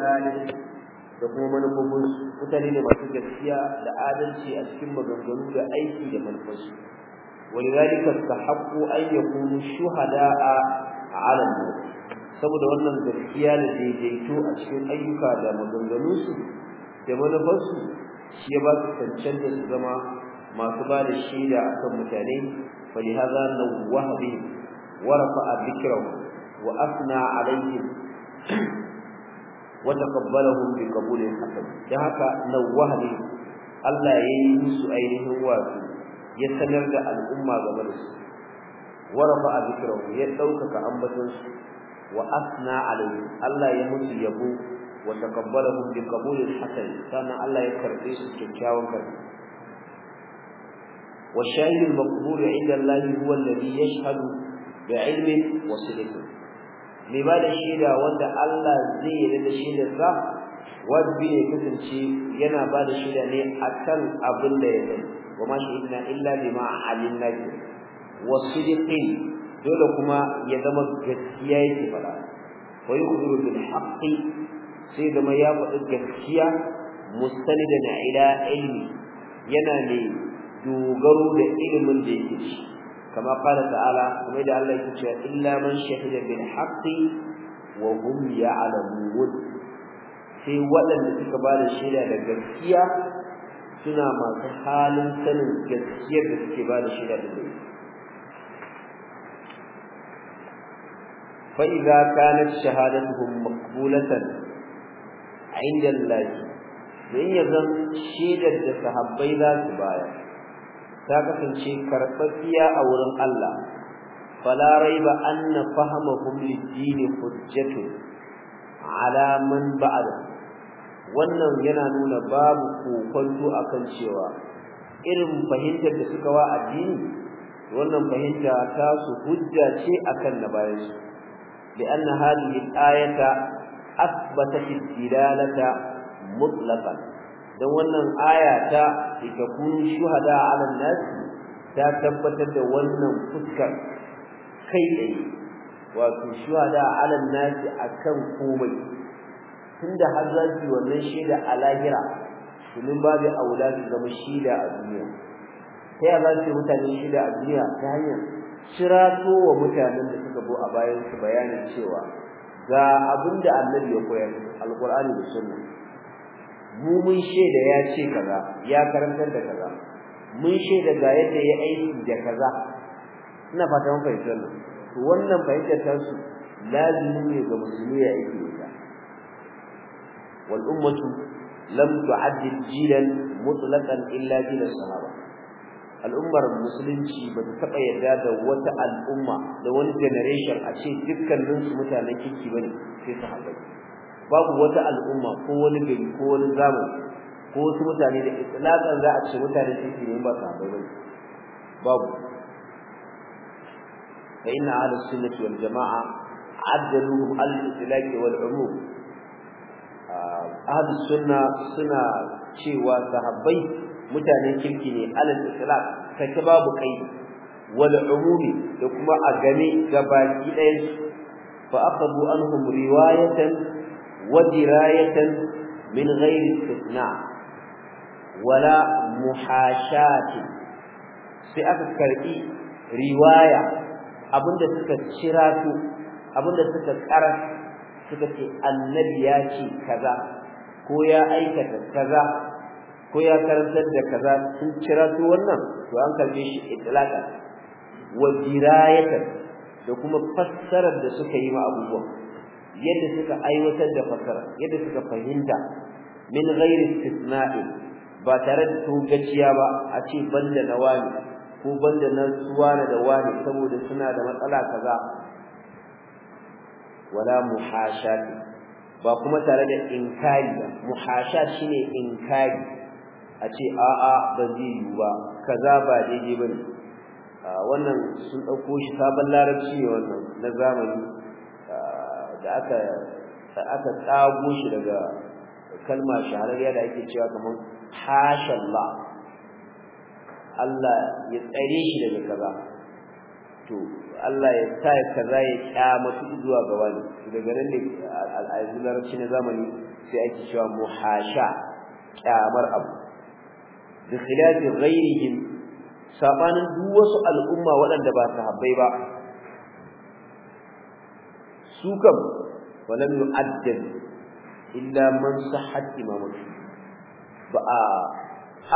halin da kuma manufofinsu mutane ne masu gaskiya da adalci a cikin maganganu da aiki da manufofinsu ولذلك استحقوا أن يكونوا شهداء على الموت saboda wannan gaskiya da daidaito a cikin ayyuka da maganganunsu da manufarsu shi ya ba su cancanta su zama masu ba da shaida a kan mutane falihaza hazana bihim wa rafa'a dhikrahum wa asna alaihim wa taqabbalahum bi qabulin hasan dan haka nawahali Allah ya yi musu ainihin wato ya sanar da al'umma game da su wa rafa'a dhikrahum ya ɗaukaka ambaton su wa Allah ya musu yabo wa taqabbalahum bi qabulin hasan sannan Allah ya karbe su kyakkyawan karbi والشاهد المقبول عند الله هو الذي يشهد بعلم وصدق mai ba da shaida wanda Allah zai yarda da shaidarsa wajibi ne kasance yana ba da shaida ne akan abin da ya sani wa ma shahidna illa bima alimna bi wa sidqin dole kuma ya zama gaskiya yake fada wa yukhbiru bil haqqi sai zama ya faɗi gaskiya mustanidan ila ilmi yana ne dogaro da ilimin da yake shi كما قال تعالى ومدى الله يكتشى إلا من شهد بالحق وهم يعلمون في ولن تكبار الشيلة للجنسية سنة ما تحال سنة جنسية بكبار الشيلة للجنسية فإذا كانت شهادتهم مقبولة عند الله من يظن شيدة صحابي ذات بايا ta kasance karɓaɓɓiya a wurin Allah falarai ba anna fahmahum lid-din hujjatun alaman ba'ada. wannan yana nuna babu kokonto kan cewa irin fahimtar da suka wa addini wannan fahimta ta su hujja ce akan na bayan su لأن هذه الآية أثبتت الدلالة مطلقا dan wannan aya ta kun shuhada 'ala ta tabbatar da wannan fuskar kai dai wato shuhada 'ala an-nas akan komai tunda har zaki wannan shida a lahira ba babu auladi ga mushida a duniya sai ya zaki mutane shida a duniya ta hanyar shirato wa mutanen da suka zo a bayan su bayanin cewa ga abinda annabi ya koyar alqur'ani da sunna mu mun da ya ce kaza ya karantar da kaza mun shaida ga yadda ya aiki da kaza ina fata mun fahimta wannan to wannan fahimtar ta su lazimi ne ga musulmi ya aiki da wal ummatu lam tu'addid jilan mutlaqan illa jilan sahaba al'ummar musulunci ba ta taba yarda da wata al'umma da wani generation a ce dukkaninsu mutanen kirki ba bane sai sahabbai babu wata al'umma ko wani gari ko wani zamani ko wasu mutane da itlaqan za a ce mutane su ke yin ba sahabbai bane babu fa inna ahlus sunnati wal jamaa addaluhu al itlaq wal umum ah, ahlus sunna suna cewa sahabbai mutanen kirki ne al itlaq take babu kai wal umumi da kuma a game gabaki ɗayan fa akhadhu anhum riwayatan ودراية من غير استثناء ولا aka karɓi riwaya رواية abinda suka cira su abinda suka tsara suka ce annabi ya ce kaza ko ya aikata kaza ko ya karantar da kaza sun cira su wannan to an kalle shi da kuma fassarar da suka yi ma abubuwa. yadda suka aiwatar da fasara yadda suka fahimta min ghairi istisna'i ba tare da tugaciya ba a ce banda na wani ko banda na suwana da wani saboda suna da matsala kaza wala muhashat ba kuma tare da inkari ba shine inkari a ce a'a ba zai yi ba kaza ba daidai ba bane wannan sun ɗauko shi sabon larabci ne wannan na zamani da aka aka tsago shi daga kalma shahararriya da ake cewa kamar hashallah Allah ya tsare shi daga kaza to Allah ya sa kaza ya kyamatu zuwa ga wani daga nan ne al'azularci na zamani sai ake cewa muhasha kyamar abu bi khilafi ghairihim sabanin duk wasu al'umma waɗanda ba sahabbai ba su kam walam yu'addad illa man sahhat imamatu ba a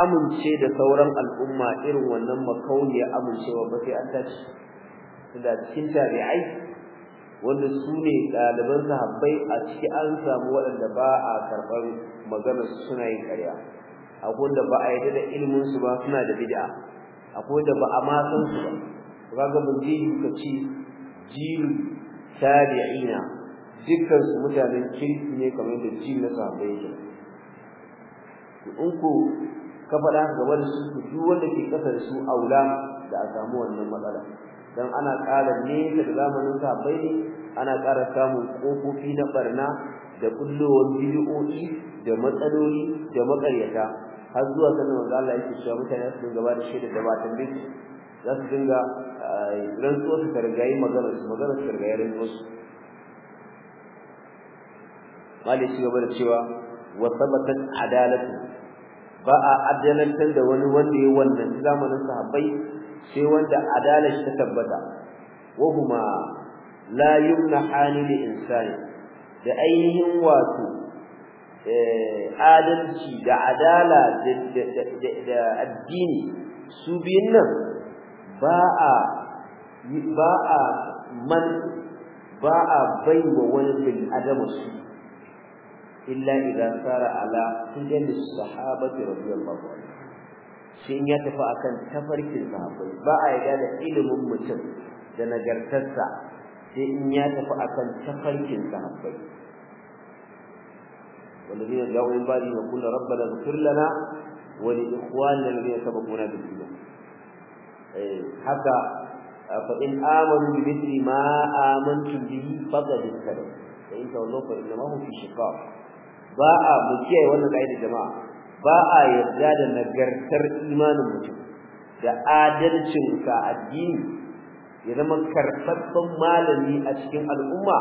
amince da sauran al'umma irin wannan makauniya amincewa ba sai an tashi tunda cikin tabi'ai wanda su ne ɗaliban sahabbai a ciki an samu waɗanda ba a karɓar maganar suna yin ƙarya akwai wanda ba a yarda da ilimin su ba suna da bid'a akwai wanda ba a ma san su ba kaga mun ji ka ci tabi'ina dukkan su mutanen kirki ne kamar da ji na sahabbai ke in ku ka faɗa gaba da su duk wanda ke kasar su aula da a samu wannan matsala dan ana ƙara nesa da zamanin sahabbai ne ana ƙara samun ƙofofi na barna da kullowar bid'o'i da matsaloli da maƙaryata har zuwa sanin wanda Allah yake cewa mutane su gaba da shaida da ba biki za su dinga eh, rantsuwa su targayi maganar su maganar su targayi rantsuwa su mali shi gaba da cewa wa sabatat adalatu ba a adalantar da wani wanda ya wannan zamanin sahabbai sai wanda adalar shi ta tabbata wa huma la yumnahani li insani da ainihin wato eh, adalci da adala da addini su biyun nan ba a man ba a bai wa wani bin adamu su illa idan sara ala sunan sahabati radiyallahu anhu shi in ya tafi akan tafarkin sahabbai ba a yarda da ilimin mutum da nagartarsa sai in ya tafi akan tafarkin sahabbai والذين جاءوا من بعدهم يقولون ربنا اغفر لنا ولإخواننا الذين سبقونا بالإيمان Eh, haka eh, fa in amanu bi mithli ma amantu bihi faqad ihtadaw fa in tawallaw fa inna hum fi shiqaq ba a mukiyaye wannan kaida jama'a ba a yarda da nagartar imanin mutum da adalcin ka addini ya zama karfafan malami a cikin al'umma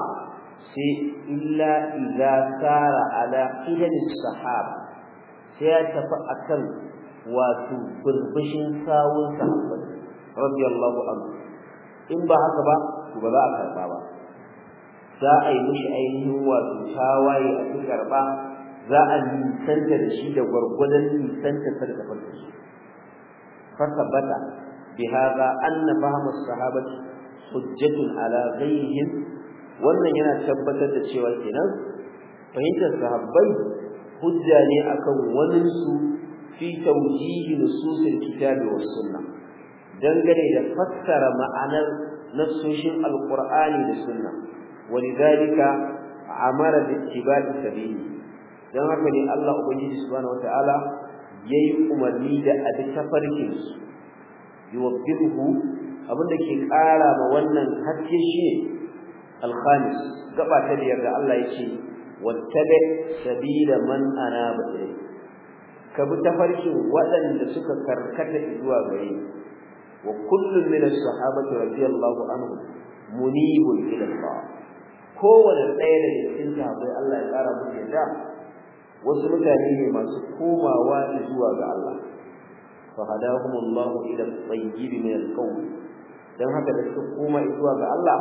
sai illa idza sara ala idan sahaba sai ya tafi akan wato burbushin sawun sahabbai radiyallahu anhu in ba haka ba to ba za a karba ba za a yi mishi ainihin wato tawaye a cikin karba za a nisanta da shi da gwargwadon nisanta sa da tafarkin su fasabata bi hadha anna fahmu sahabati hujjatun ala ghayrihim wannan yana tabbatar da cewa kenan fahimtar sahabbai hujja ne akan wani su fi tawjihi nususil kitabi was sunnah dangane da fassara ma'anar nassoshin alqur'ani da sunna walidhalika amara bi ittiba'i sabili dan haka ne Allah ubangiji subhanahu wataala yayi umarni da abi tafarkin yuwaddihu abinda ke ƙara ma wannan haske shi al-khamis gaba ta biyar da Allah yake wattabi sabila man anaba ilayhi ka bi tafarkin waɗanda suka karkata zuwa gare ni wa kullum min as-sahabati radiyallahu anhu munibun ila Allah kowane ɗaya daga cikin sahabbai Allah ya ƙara musu yadda wasu mutane ne masu komawa zuwa ga Allah dan haka da suka koma zuwa ga Allah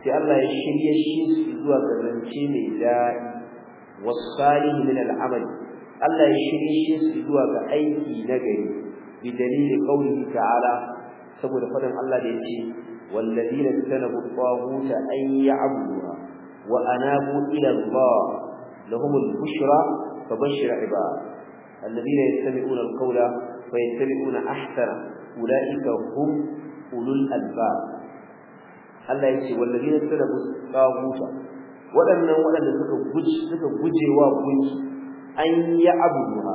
sai Allah ya shirye shi zuwa ga rance mai daɗi wasalih min al-amal Allah ya shirye shi zuwa ga aiki na gari bi dalili qawlihi ta'ala saboda fadin Allah da yake walladina tanabu tawaguta an ya'buduha wa anabu ila Allah lahumul bushra fabashshir ibad alladina yastami'una alqawla fayattabi'una ahsana ulaika hum ulul albab Allah yake walladina tanabu tawaguta waɗannan waɗanda suka guji suka gujewa gunki an ya'buduha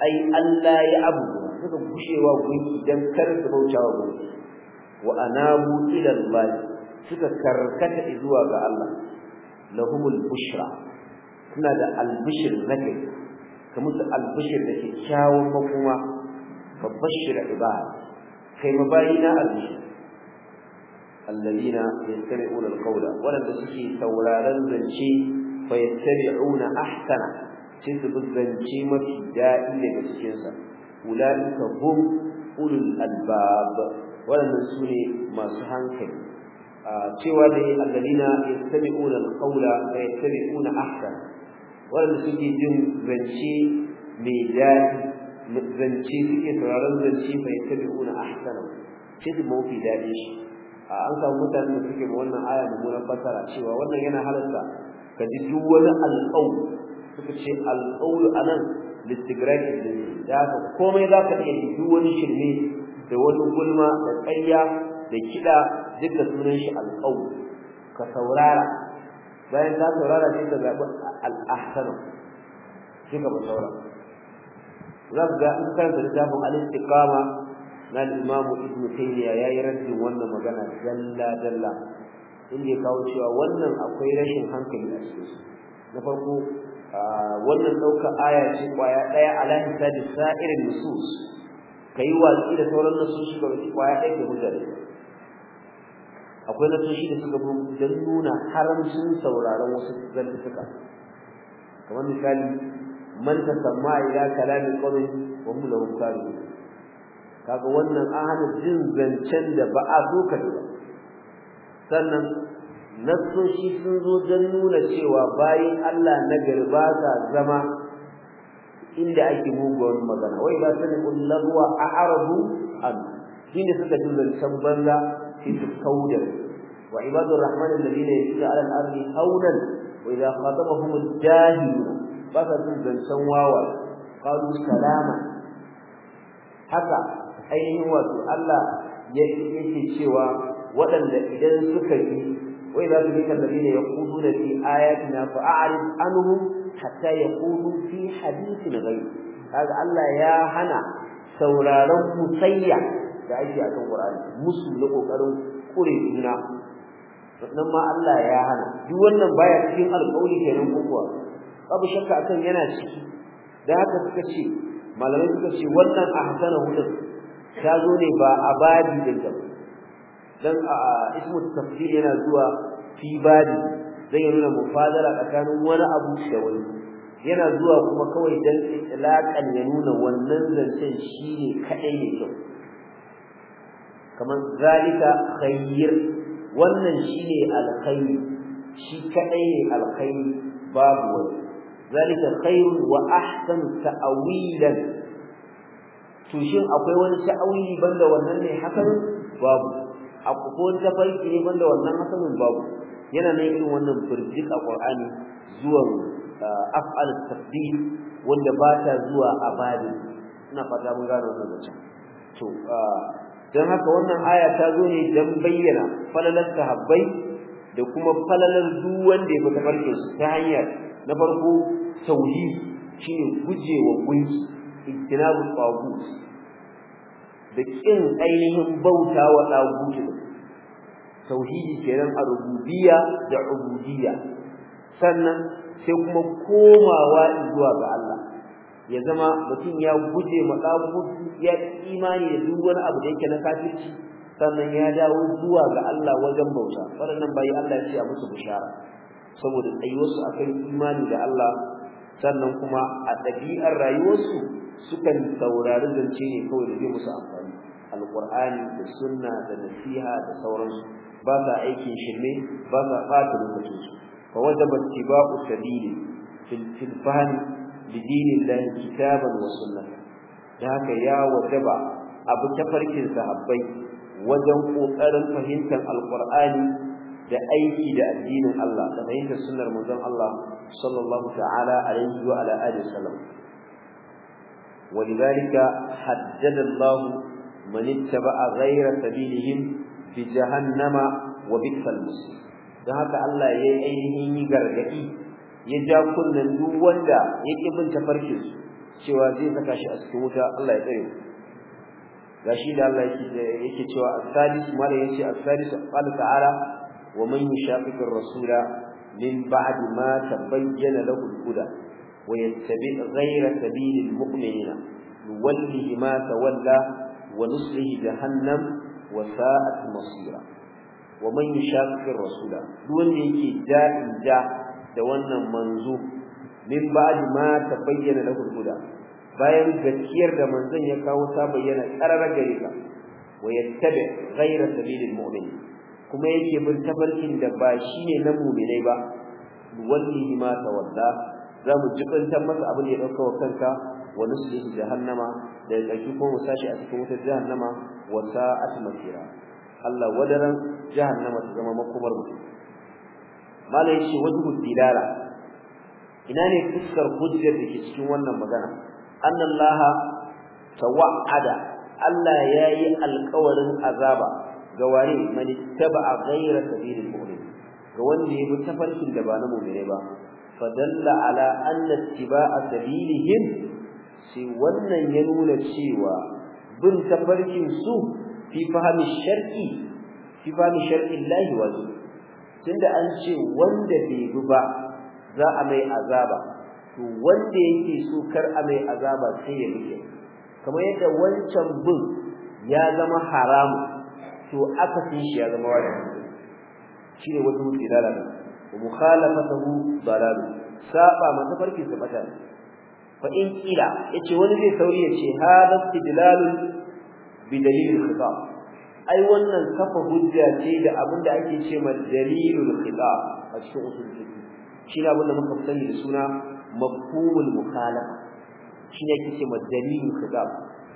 ay Allah ya'budu suka gushewa gunki dan kar su bautawa gunki wa anabu ila Allah suka karkata zuwa ga Allah lahumul bushra suna da albishir nake kamar da albishir da ke kyawun makoma babashir ibad kai mabayina albishir الذين يستمعون القول ولم تسكي تورالا زنشي فيتبعون أحسنه sai su bi zance mafi daɗi daga cikinsa ulaika hum ulul albab wannan sune masu hankali cewa da alladina yastabi'una alqawla wa yattabi'una ahsan wannan suke jin zance mai dadi zance suke sauraron zance fa yattabi'una ahsan shi da mafi dadi shi an samu mutane da suke ma wannan aya da mummunan fasara cewa wannan yana halarta ka ji duk wani alƙawu suka ce alƙawu anan listigraki da haka komai za ka iya duk wani shirme da wani gulma da ƙarya da kiɗa duka sunan shi alƙaw ka saurara bayan ka saurara sai ka zaɓi al'ahsanu ka ba saurara ka karanta littafin al-istiqama na al-imam ibn taymiya yayi raddin wannan magana jalla-jalla inda ya kawo cewa wannan akwai rashin hankali a cikin na farko wannan dauka aya ce kwaya daya ala hisabi sa'irin nusus kai watsi da sauran nusus ga kwaya daya ke hujjar akwai shi da suka bu dan nuna haramcin sauraron wasu zantuka kamar misali man ta samma ila kalamin qawmi wa hum lahu kaga wannan an hana jin zancen da ba a so ka ba sannan nassoshi sun zo don nuna cewa bayan Allah na garba sa zama inda ake muguwar magana wai ba sani lagwa a arabu an shi ne suka tuzar can banza shi su kaudar wa ibadu rahman alladhina yasuna ala al-ardi hawlan wa idha khatabahum al-jahilun ba sa jin zancen wawa qalu salama haka ainihin wato Allah ya yake cewa waɗanda idan suka yi وإذا تلك الذين يقولون في آياتنا فأعرض عنهم حتى يقولوا في حديث غير هذا الله يا هنا سورارون مسيع da ake akan Qur'ani musu na kokarin kure juna sannan ma Allah ya hana duk wannan baya cikin alƙawari kenan kuwa babu shakka akan yana ciki da haka suka ce malamai suka ce wannan ahsanahu da ta zo ne ba a babi ba dan ismu tafdil yana zuwa fi badi zai nuna mufadala tsakanin wani abu da wani yana zuwa kuma kawai dan itlaqan ya nuna wannan zancen shine kadai ne kyau kamar zalika khair wannan shine alkhair shi kadai ne alkhair babu wani zalika khair wa ahsan ta'wilan to shin akwai wani ta'wili banda wannan ne hakan babu aku ko ta farki ne banda wannan hasanin babu yana ne irin wannan birjik a Qur'ani zuwa ah, af'al tafdil wanda ba ta zuwa abadi ina fata mun gano wannan zancen to ah, dan haka wannan aya ta zo ne dan bayyana falalan tahabbai da kuma falalan duk wanda ya fita farkin su ta hanyar na farko tauhid shine gujewa gunki ittinabu tawhid da kin ainihin bauta wa dagutu tauhidi kenan a rububiyya da ubudiyya sannan sai kuma komawa zuwa ga Allah ya zama mutum ya guje ma ya imani da duk wani abu da yake na kafirci sannan ya dawo zuwa ga Allah wajen bauta wannan bayi Allah ya ce a musu bishara saboda tsayuwarsu akan imani da Allah sannan kuma a ɗabi'ar rayuwarsu sukan saurari zance ne kawai da zai musu amfani alqur'ani da sunna da nasiha da sauransu ba sa aikin shirme ba sa fata lokacin su fa wajaba ittiba'u sabili fil tilfani lidinillahi kitaban wa da haka ya wajaba abu tafarkin sahabbai wajen kokarin fahimtar alqur'ani da aiki da addinin Allah da fahimtar sunnar manzon Allah sallallahu ta'ala alaihi wa ala alihi wasallam ولذلك حدد الله man ittaba'a ghayra sabilihim fi jahannama wa bi'sal dan haka Allah yayi ainihin yi gargadi ya ja kullun duk wanda yake bin tafarkin cewa zai saka shi a cikin wuta Allah ya tsare gashi da Allah yake yake cewa as-salis mala yace as-salis qala ta'ala wa man yushaqiqir rasula من بعد ما تبين له الهدى ويتبع غير سبيل المؤمنين يوله ما تولى ونصله جهنم وساءت مصيرا ومن يشاقق الرسول دون يجي جاء جاء da wannan manzo min ba'd ma bayyana lahu al bayan gaskiyar da manzon ya kawo ta bayyana kararar gare ka wayattabi ghayra sabilil mu'min kuma yake bin tafarkin da ba shine na mu'minai ba wallahi ma tawadda zamu jibintar masa abin da ya dauka kanka wa nuslihi jahannama da ya tsaki ko musashi a cikin wutar jahannama wa sa'at masira Allah wadaran jahannama ta zama makomar mutum malai yace wajhu dilala ina ne fuskar hujjar da ke cikin wannan magana annallaha tawa'ada Allah yayi alƙawarin azaba ga ware mani taba'a ghayra sabilil ga wanda ya bi tafarkin da ba na mu'mine ba fadalla ala anna sai wannan ya nuna cewa bin tafarkin su fi fahimi sharqi fi fahimi sharqi wazo tunda an ce wanda bai bi ba za a mai azaba to wanda yake so kar a mai azaba sai ya bi kamar yadda wancan bin ya zama haramu to aka fi shi ya zama wajibi shine wata mutilala wa mukhalafatu dalal saba farkin sa mutane fa in kila yace wani zai sauri yace hada istidlal bi dalilil khitab ai wannan kafa hujja ce da abin da ake cewa dalilul khitab a cikin usul fiqh shi ne abin da muka sani da suna mafhumul mukhalafa shi ne ake ce dalilul khitab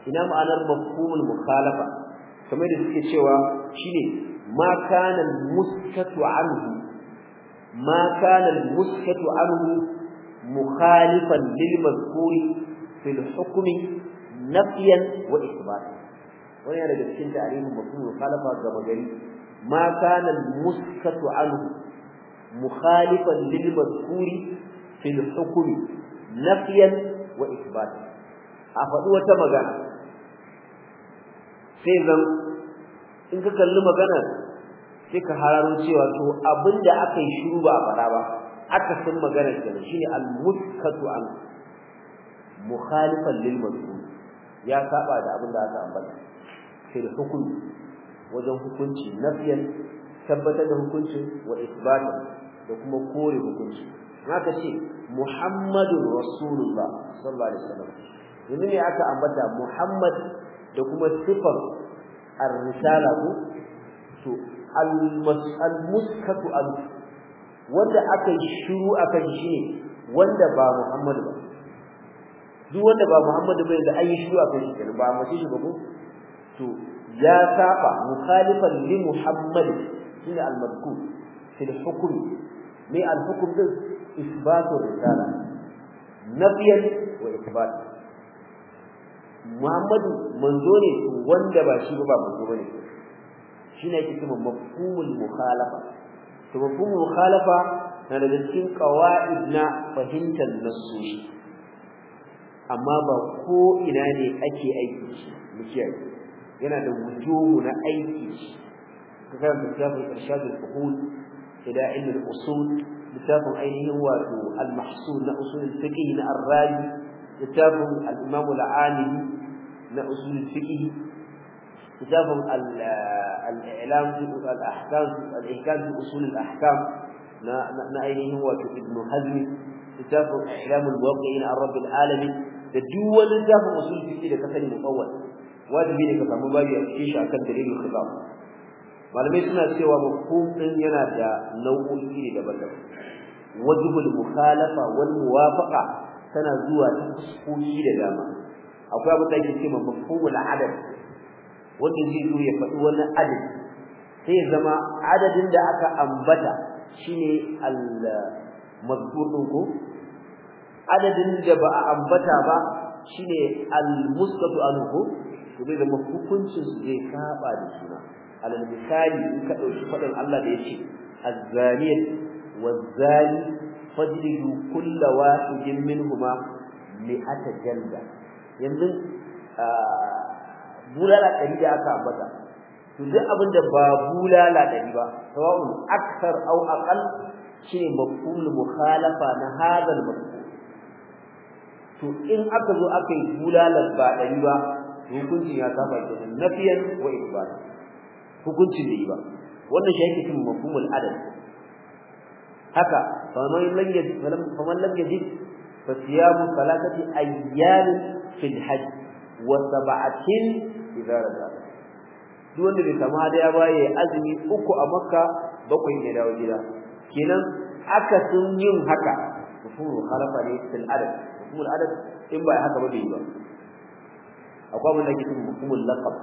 ina ma'anar mafhumul mukhalafa kamar da suke cewa shine ma kana muskatu anhu ma kana muskatu anhu مخالفا للمذكور في الحكم نفيا واثباتا وهي wani yana daga cikin tarihin mafhum mukhalafa ga magari ma kana muskatu anhu mukhalifan lil mazkuri fil hukmi nafiyan wa a faɗi wata sai ka kalli magana sai ka cewa to abinda aka yi shiru ba a faɗa ba Aka akasin maganar shi ne al-muskatu an mukhalifan lil mazmum ya saba da abin da aka ambata sai da hukunci wajen hukunci nafiyan tabbatar da hukunci wa isbatan da kuma kore hukunci haka ce muhammadun rasulullah sallallahu alaihi wasallam yanzu ne aka ambata muhammad da kuma sifar ar-risala ko to al-muskatu an wanda aka yi shiru aka yi shi wanda ba Muhammadu ba duk wanda ba Muhammadu ba da ayi shiru aka yi shi ba mace shi ba ko to ya saba mukhalifan li Muhammad shine al-madhkur fil hukm ne al-hukm din isbatu risala nafiyan wa isbat Muhammadu manzo ne wanda ba shi ba ba manzo ne shine yake cewa mafhumul mukhalafa to babban mukhalafa na daga cikin qawaid na fahimtar nasoshi amma ba ko ina ne ake aiki muke yana da wujuhu na aiki kaga littafin irshad al-fuhul ila ilm al-usul littafin ainihin wato al-mahsul na usul al-fiqh na ar-razi littafin al-imam al-alimi na usul al-fiqh littafin al الإعلام في الأحكام الإحكام في أصول الأحكام ما ما إليه هو ابن حزم كتاب إعلام الواقعين عن رب العالمين الدول كتاب أصول في كتاب كتاب مطول وهذا بين كتاب مبايع الشيشة عن دليل الخطاب ولم يسمع سوى مفهوم إن ينادى نوع الدين لبدر وجب المخالفة والموافقة سنة زوال تسقوش إلى دامة أو فابد أن يسمى مفهوم العدد wanda zai zo ya faɗi wani adadi sai zama adadin da aka ambata shine al mazkur ko adadin da ba a ambata ba shine al musqatu anhu to bai zama hukuncin su zai saba da juna alal misali in ka dauki faɗin Allah da yake az-zaniyat waz-zani fajlidu kullu wahidin minhumma mi'ata jalda yanzu ah, bulala ɗari da aka ambata to duk abin da ba bulala ɗari ba sawa'un aksar au aqal shine mafhumul mukhalafa na hadal mafhum to in aka zo aka yi bulalar ba ɗari ba hukuncin ya saba kenan nafiyan wa ibad hukuncin da yi ba wannan shi yake cikin mafhumul adad haka faman lam yajid faman lam yajid fa siyamu thalathati ayyam fil hajj wa sab'atin idza da duk wanda bai samu hadaya ba yayi azumi uku a makka bakwai ya dawo gida kenan aka sun yin haka kufuru kharafa ne fil adab kufuru adab in ba haka ba bai ba akwai abin da ke cikin hukumul laqab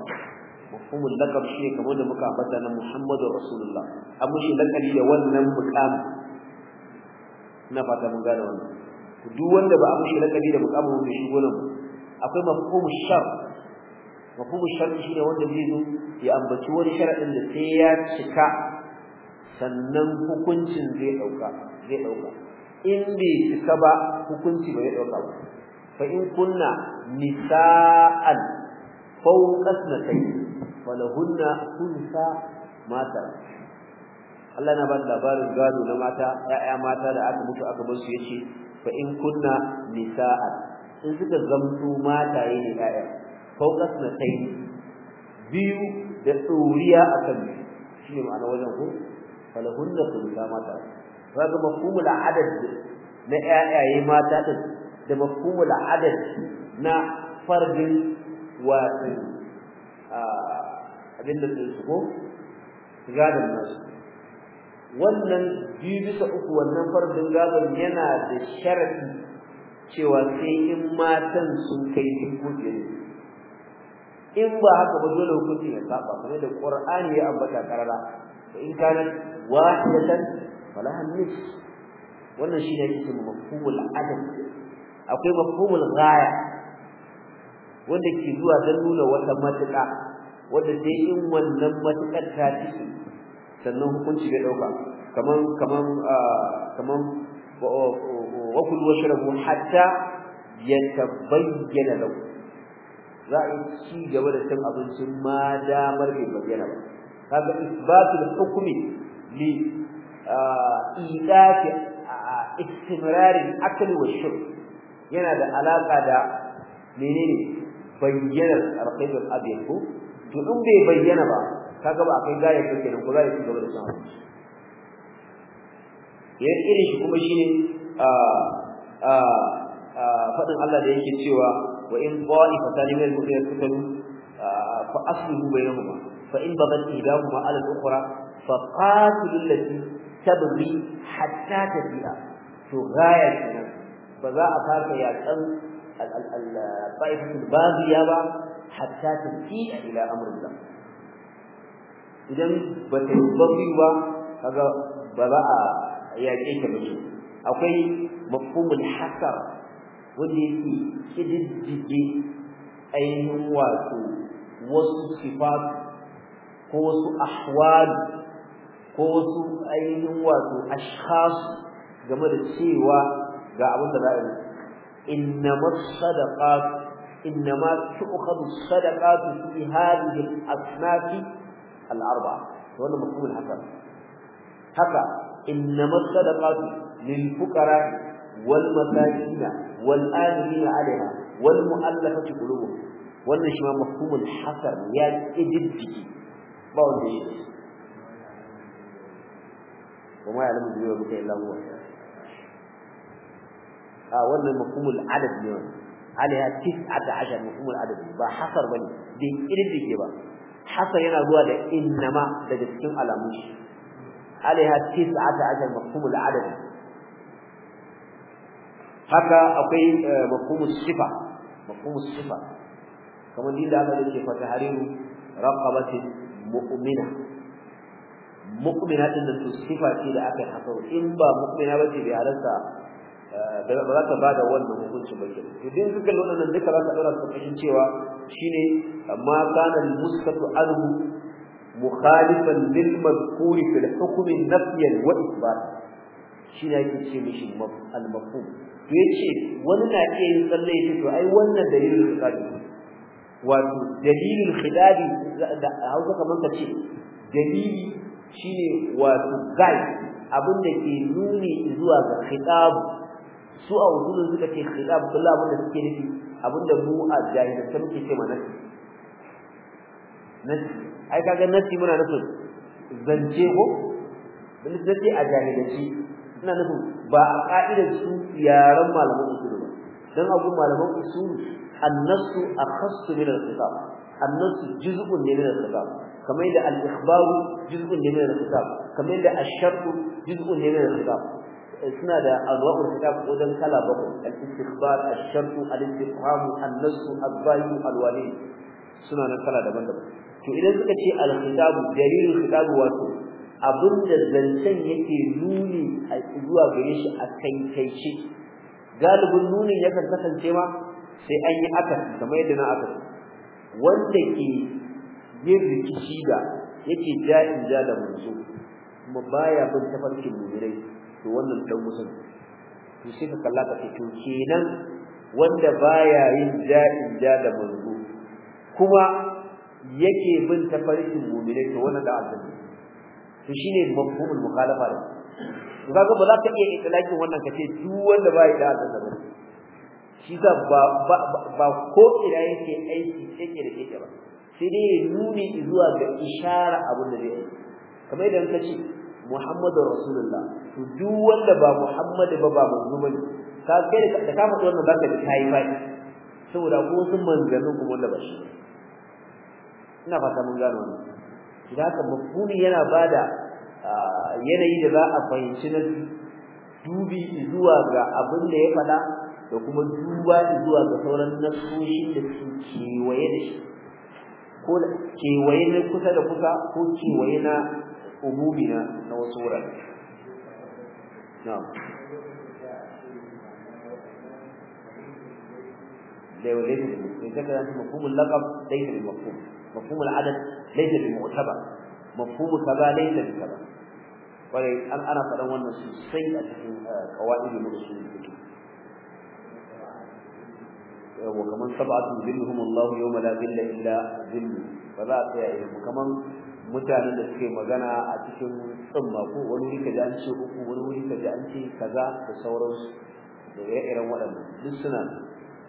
hukumul laqab shi kamar da muka ambata na Muhammadu Rasulullah an mushi lakali da wannan muqam na fata mun gane wannan duk wanda ba a mushi laqabi da muqamin da shi gonan akwai mafhumu shar mafhumu shar'i shine wanda zai zo ya ambaci wani sharadin da sai ya cika sannan hukuncin zai dauka zai dauka in bai cika ba hukunci bai dauka ba fa in kunna nisa'an fawqasna kai falahunna thulutha kunsa mata. Allah na ba labarin gado na mata 'ya'ya mata da aka mutu aka bar su yace fa in kunna nisa'an in suka zamto mataye yayin ƴaƴa na sunatai biyu da tsuriya a kan shi ne ma'ana wajen ku falahunna sulusa mata kaga mafhumul adad na yayaye mata din da mafhumul adad na fardin wato abin da su ko gadan nasu wannan biyu bisa uku wannan fardin gaban yana da sharadi cewa sai in matan sun kai dubu biyar in ba haka ba dole hukunci ya saba kuma da qur'ani ya ambata karara fa in kana wahidatan wala hamis wannan shine yake mafhumul adam akwai mafhumul ghaya wanda ke zuwa dan nuna wata matuƙa wanda dai in wannan matuƙar ta ci sannan hukunci ya dauka kaman kaman ah, kaman wa kullu washrabu hatta yatabayyana lakum za a yi ci gaba da cin abincin ma damar bai bayyana ba kaga isbatul hukmi li idati istimrarin akli wa shurb yana da alaka da menene bayyanar alqaid al-abyad ko to in bai bayyana ba kaga ba kai gaya kake nan ko za a ci gaba da cin abinci yan irin shi kuma shine a a fadin Allah da yake cewa وإن طائفتان من المؤمنين اقتتلوا آه، فأصله بينهما فإن بغت إحداهما على الأخرى فقاتل التي تبغي حتى تبيع تغاية فذا أتاك يا قلب الطائفة الباغية حتى تبيع إلى أمر الله إذن ba ta yi babu ba kaga ba za a yaƙe ta wanda yake kididdige ainihin wato wasu sifat ko wasu ahwal ko wasu ainihin wato ashkhas game da cewa ga abin da za a yi innama sadaqat innama tu'khadhu sadaqat fi hadhihi al-asnaf al-arba'a wannan mafhumul hasan haka innama sadaqat lil fuqara wal masakin والآن هي عليها والمؤلفة قلوبهم وأنه ما مفهوم الحسر يجدده بعض جيد وما يعلم الدنيا بك إلا هو آه، وأنه مفهوم العدد يوم. عليها تسعة عشر مفهوم العدد بحسر بني دي إلدك يبا حسر ينا هو إنما تجسيم على مش عليها تسعة عشر مفهوم العدد haka akwai eh, mafhumus sifa mafhumus sifa kamar da aka dace fa tahriru raqabati mu'mina mu'mina din da sifa ce da aka hasaro in ba mu'mina bace bai halarta eh, ba za ta da wannan hukuncin ba ke idan suka lona nan duka za ka dora su kashin cewa shine ma kana muskatu anhu mukhalifan lil madhkur fi al-hukm nafiyan wa ithbat shine yake ce mishi al-mafhum to yace wani na iya yin tsalle yace to ai wannan dalilin khidabi wato dalilin khidabi da Hausa kaman ka ce dalili shine wato gai abin da ke nuni zuwa ga khidab su a usulun suka ce khidab kullum abin da suke nufi abin da mu a jahilanta muke ce ma nasi ai kaga nasi muna nufin zance ko dan zance a jahilci ina nufin ba a ka'idar su yaran malaman usul ba dan abu malaman usul annasu akhassu min al-kitab annasu juz'un min al-kitab kamar da al-ikhbar juz'un min al-kitab kamar da ash-shart juz'un min al-kitab suna da arwa'ul kitab wajen kala bakwai al-istikhbar ash-shart al-istifham annasu al-bayu al-walid suna nan kala daban-daban to idan suka ce al-kitab dalilul kitab wato abinda zancen yake nuni a zuwa gare shi a kai kai shi galibin nunin yakan kasance ma sai an yi aka kamar yadda na aka wanda ke yin rikici da yake ja'in ja da manzo kuma baya bin tafarkin mu'minai to wannan dan mutum to sai ka kalla ka to kenan wanda baya yin ja'in ja da manzo kuma yake bin tafarkin mu'minai to wannan da azumi to shine mafhumul mukhalafa da to kaga ba za ka iya itlaqin wannan kace duk wanda ya da haka ba shi ba ba ko ira yake aiki yake da yake ba sai dai nuni zuwa ga ishara abin da zai kamar idan ka ce Muhammadur Rasulullah to duk wanda ba Muhammadu ba ba manzo bane ka kai da ka mutu wannan da kai ba saboda ko sun manzanni kuma wanda ba shi ina fata mun gano wannan zaka ka mafhumi yana bada yanayi da za a fahimci na dubi zuwa ga abin da ya faɗa da kuma duba zuwa ga sauran nasoshin da su kewaye da shi ko kewaye na kusa da kusa ko kewaye na umumi na wasu wurare لا وليس ليس كذلك مفهوم اللقب ليس بالمفهوم مفهوم العدد ليس بمعتبر مفهوم كبا ليس بكبا ولي أم أنا فلن وانا سيء في قوائد من رسول الفكر وكمان سبعة ذلهم الله يوم لا ذل إلا ذل فلا تيائهم وكمان متعنى لكي مغانا أتشم ثم أقو ونوري كجانسي أقو ونوري كجانسي كذا تصوروس لغير وعلم لسنا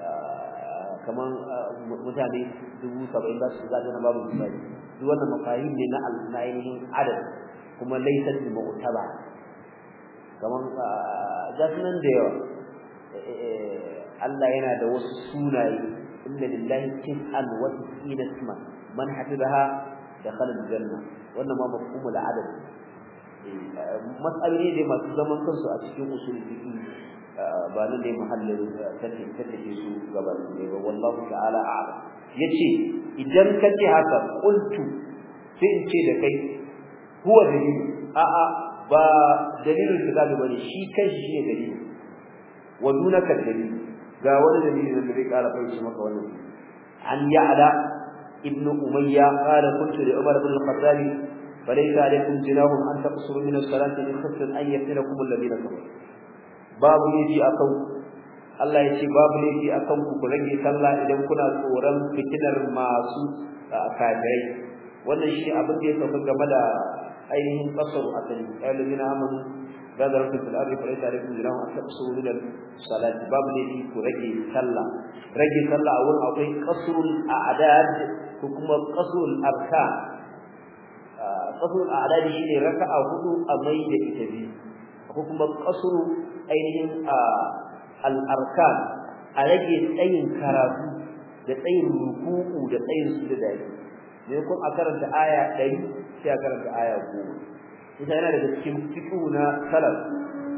آه، كمان آه، متعنى dubu saba'in za su zaga na babu misali duk wannan mafahim ne na ainihin adad kuma da laysat Kamar mu'taba kaman ah, nan da yawa eh, eh, Allah yana da wasu sunaye inda lillahi tis'an wasu tis'ina isman man hafi da ha da dakhala aljanna wannan ma mafhumul adad eh, matsaloli ne masu zaman kansu a cikin usul ba nan dai muhallin eh, tattake su gaban ne ba wallahu ta'ala a'lam yace idan kace haka qultu sai in ce da kai huwa dalilu a a ba dalilin da zaka bane shi shi ne dalili wa dunaka dalil ga wani dalili da zai kara fahimci maka wannan an ya'la ibn umayya qala qultu li umar ibn al-khattab فليس عليكم جناح أن تقصروا من الصلاة إن خفتم أن يفتنكم الذين كفروا babu laifi akan kan Allah ya ce babu laifi akan ku ku rage sallah idan kuna tsoron fitinar masu kafirai wannan shi abin da ya sauka game da ainihin a asali ayyuhallazina amanu la daratu fil ardi fa laysa alaykum junahun an taqsuru min salat babu laifi ku rage sallah rage sallah a wurin akwai qasrul a'dad ko kuma qasrul arka qasrul a'dad shine raka'a hudu a mai da ita biyu ko kuma qasru ainihin al'arkan a rage tsayin karatu da tsayin rukuku da tsayin sujudai ne kun a karanta aya 100 sai a karanta aya 10 ita yana daga cikin fiqhu salat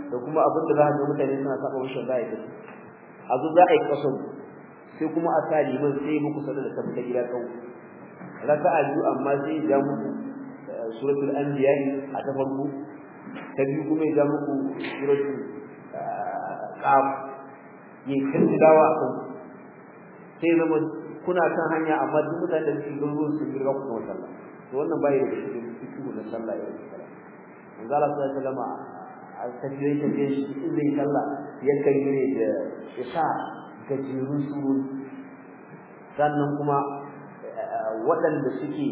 da kuma abin da za a ga mutane suna saka shan da ita a zo za a yi kasar sai kuma a sa liman sai muku sada da tabbata gida kawo raka'a biyu amma sai ya muku eh, suratul anbiya a ta farko ta biyu kuma ya muku suratul tsaf ya kirki dawa kan sai zama kuna kan hanya amma duk mutanen da suke gurgun su girga ku kuma sallah to wannan bai da shi cikin da sallah ya yi sallah manzo Allah sallallahu alaihi wasallam a tafiyoyi tafiye shi in zai sallah ya kai ne da isa gajerun surun sannan kuma eh, waɗanda suke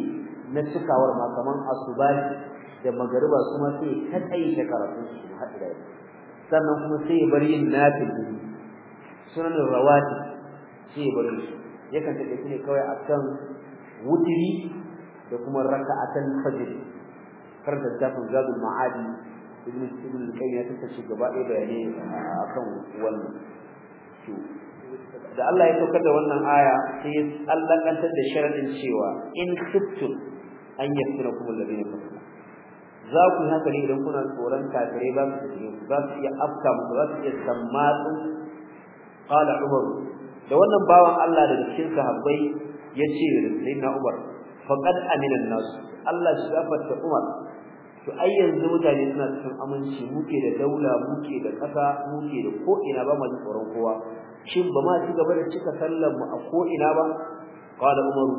na cikawar ma kaman asubahi da magariba kuma sai kadai ta karatu su haɗu da yau sannan kuma sai ya bar yin nafil sunan rawati sai ya bar su yakan take shi ne kawai a kan wutiri da kuma raka'atan fajr kar da tafin zabul ma'adi ibn ibn al-qayyim ya tace gaba ɗaya bayani kan wannan to da Allah ya saukar da wannan aya sai Allah kantar da sharadin cewa in kuntum an yafsunakum alladhina kafaru za ku yi haka ne idan kuna tsoron kafirai ba su ce za su iya afka musu za su iya sammatsu kala umar da wannan bawan Allah da cikin sahabbai yace sayyidina umar faqad amina nas Allah shi gafarta umar to ai yanzu mutane suna cikin aminci muke da daula muke da kasa muke da ko ina ba mu tsoron kowa shin ba ma ci gaba da cika sallar mu a ko ina ba qala umar